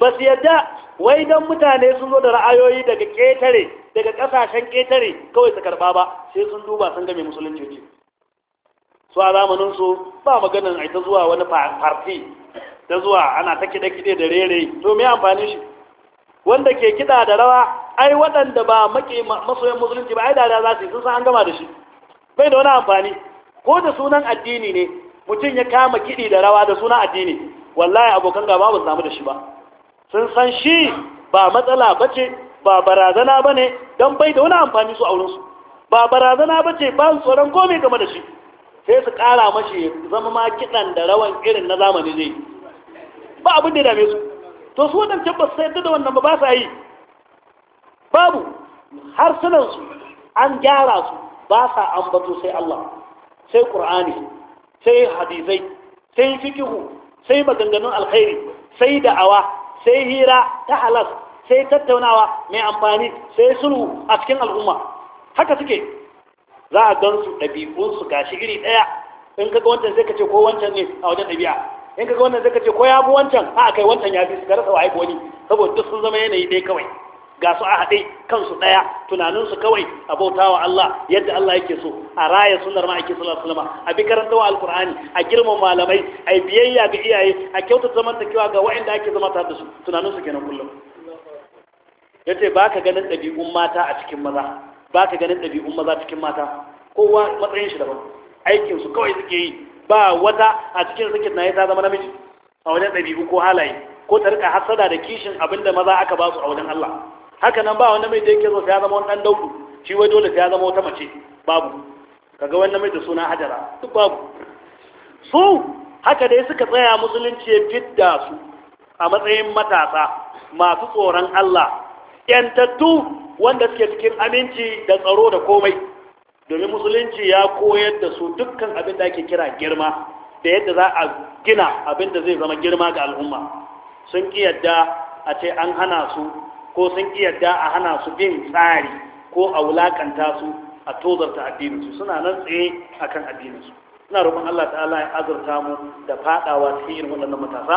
ba su yadda wai don mutane sun zo da ra'ayoyi daga ƙetare daga ƙasashen ƙetare kawai su karɓa ba sai sun duba sun game mai musulunci ce su a zamanin su ba maganin aita zuwa wani farti da zuwa ana ta kiɗe-kiɗe da rere to me amfani shi wanda ke kiɗa da rawa ai waɗanda ba masoyan musulunci ba ai da za su yi sun san an gama da shi bai da wani amfani ko da sunan addini ne mutum ya kama kiɗi da rawa da sunan addini wallahi abokan gaba ba su samu da shi ba sun san shi ba matsala ba ce ba barazana ba ne don bai da wani amfani su aurensu ba barazana ba ba su tsoron komai game da shi sai su kara mashi zama ma kiɗan da rawan irin na zamani zai ba abin da ya dame su to su waɗancan ba su yadda da wannan ba ba sa yi babu harsunansu an gyara su ba sa ambato sai Allah sai ƙur'ani sai hadizai, sai fikihu sai maganganun alkhairi sai da'awa sai hira ta halas sai tattaunawa mai amfani sai sulhu a cikin al'umma haka suke za a gan su ɗabi'unsu gashi iri ɗaya in kaga wancan sai ka ce ko wancan ne a wajen ɗabi'a in kaga wannan zaka ce ko ya bu wancan a kai wancan ya fi su ka rasa wa aiko wani saboda duk sun zama yanayi dai kawai ga su a haɗe kansu ɗaya tunaninsu kawai a bauta wa Allah yadda Allah yake so a raya sunnar ma ake sallallahu alaihi a bi karanta wa alqur'ani a girma malamai a biyayya ga iyaye a kyautata kiwa ga waɗanda ake zama tare da su tunaninsu kenan kullum yace ba ka ganin ɗabi'un mata a cikin maza ba ka ganin ɗabi'un maza cikin mata kowa matsayin shi daban aikinsu kawai suke yi ba wata a cikin rikin na ta zama namiji a wajen ɗabi'u ko halaye ko ta rika hasada da kishin abin da maza aka ba su a wajen Allah haka nan ba wani mai da yake zo ya zama wani ɗan dauku shi wai dole ya zama wata mace babu kaga wani mai da suna hajara duk babu su haka dai suka tsaya musulunci ya fidda su a matsayin matasa masu tsoron Allah yantattu wanda suke cikin aminci da tsaro da komai domin musulunci ya koyar da su dukkan abin da ake kira girma da yadda za a gina abin da zai zama girma ga al'umma sun yadda a ce an hana su ko sun yadda a hana su bin tsari ko a wulakanta su a tozarta addininsu suna nan tsaye akan addininsu Suna roƙon Allah ta'ala ya azurta mu da fadawa cikin irin waɗannan matasa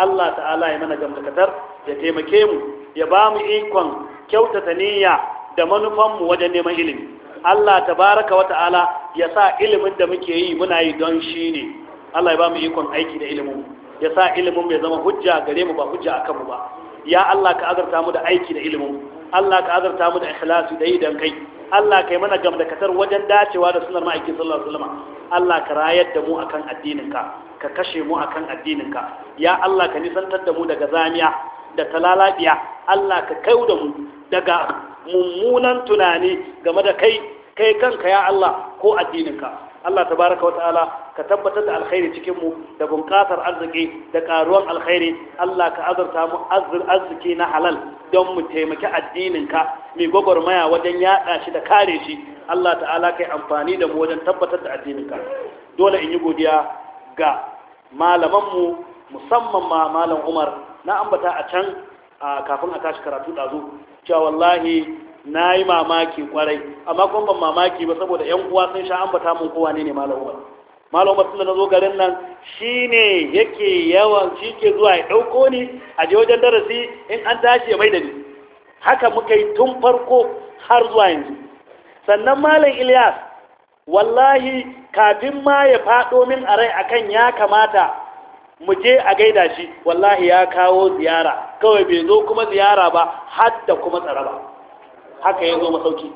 Allah ta'ala ya mana gamtakatar ya taimake mu ya ba mu ikon kyautata niyya da manufanmu wajen neman ilimi Allah tabaraka wa ta'ala ya sa ilimin da muke yi muna yi don shi ne Allah ya ba mu ikon aiki da ilimin ya sa ilimin bai zama hujja gare mu ba hujja a kanmu ba ya Allah ka azarta mu da aiki da ilimin Allah ka azarta mu da ikhlasu da yi dan kai Allah mana gamdakatar wajen dacewa da sunar ma'aikin sallallahu alaihi wasallam Allah ka rayar da mu akan addininka ka kashe mu akan addininka ya Allah ka nisantar da mu daga zamiya da talalabiya Allah ka kai da mu daga mummunan tunani game da kai kai kanka ya Allah ko addininka Allah tabaraka wa ta'ala ka tabbatar da alkhairi cikin mu da bunƙasar arziki da ƙaruwan alkhairi Allah ka azurta mu arziki na halal don mu taimaki addininka mai gwagwarmaya wajen yaɗa shi da kare shi Allah ta'ala kai amfani da mu wajen tabbatar da addininka dole in yi godiya ga mu musamman ma malam Umar na ambata a can kafin a tashi karatu ɗazu cewa wallahi na yi mamaki kwarai amma kuma ban mamaki ba saboda yan uwa sun sha ambata mun kowa ne ne malam umar malam umar sun zo garin nan shine yake yawan shi zuwa ya dauko ni a je wajen darasi in an tashi ya mai da ni haka muka yi tun farko har zuwa yanzu sannan malam ilyas wallahi kafin ma ya faɗo min a rai akan ya kamata mu je a gaida shi wallahi ya kawo ziyara kawai bai zo kuma ziyara ba har da kuma tsara ba haka ya zo masauki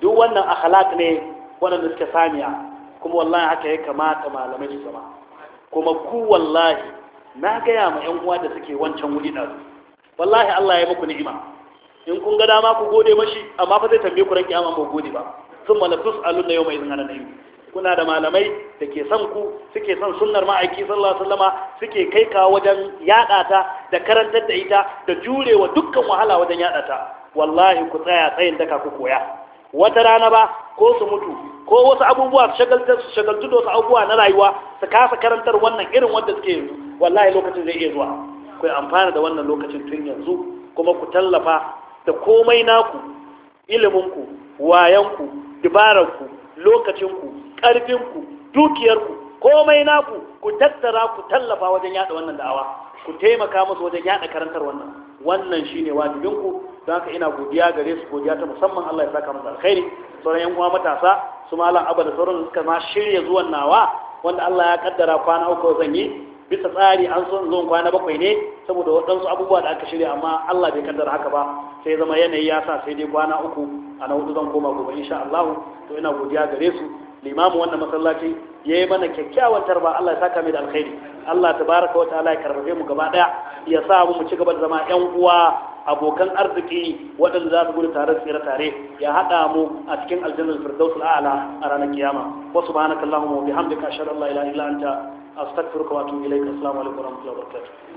duk wannan akhlaq ne waɗanda suke samiya kuma wallahi haka ya kamata malamai su zama kuma ku wallahi na gaya ma yan uwa da suke wancan wuri su wallahi Allah ya muku ni'ima in kun ga dama ku gode mashi amma fa zai tambaye ku ran kiyama ba gode ba sun mala mai yawma idhin ana kuna da malamai da ke son ku suke son sunnar ma'aiki sallallahu alaihi wasallama suke kai ka wajen yada ta da karantar da ita da jurewa dukkan wahala wajen yada ta wallahi ku tsaya tsayin daka ku koya wata rana ba ko su mutu ko wasu abubuwa su shagaltar su shagaltu da wasu abubuwa na rayuwa su kasa karantar wannan irin wanda suke yanzu wallahi lokacin zai iya zuwa ku amfana da wannan lokacin tun yanzu kuma ku tallafa da komai naku iliminku wayanku dibararku lokacinku ƙarfinku dukiyarku komai naku ku tattara ku tallafa wajen yada wannan da'awa ku taimaka musu wajen yada karantar wannan wannan shine wajibin ku don haka ina godiya gare su godiya ta musamman Allah ya saka musu alkhairi sauran yan uwa matasa su malam abba da sauran suka ma shirya zuwan nawa wanda Allah ya kaddara kwana uku zan yi bisa tsari an son zon kwana bakwai ne saboda waɗansu abubuwa da aka shirya amma Allah bai kaddara haka ba sai zama yanayi ya sa sai dai kwana uku a na hudu zan koma gobe insha Allah to ina godiya gare su limamu wannan masallaci ya yi mana kyakkyawan tarba Allah ya saka mai da alkhairi Allah tabaraka wataala ya karbabe mu gaba daya ya sa mu ci gaba da zama yan uwa abokan arziki waɗanda za su gudu tare da tare ya haɗa mu a cikin aljannar firdausul Aala a ranar kiyama wa subhanakallahumma wa bihamdika ashhadu an la ilaha illa anta astaghfiruka wa atubu ilaik assalamu alaikum wa rahmatullahi wa barakatuh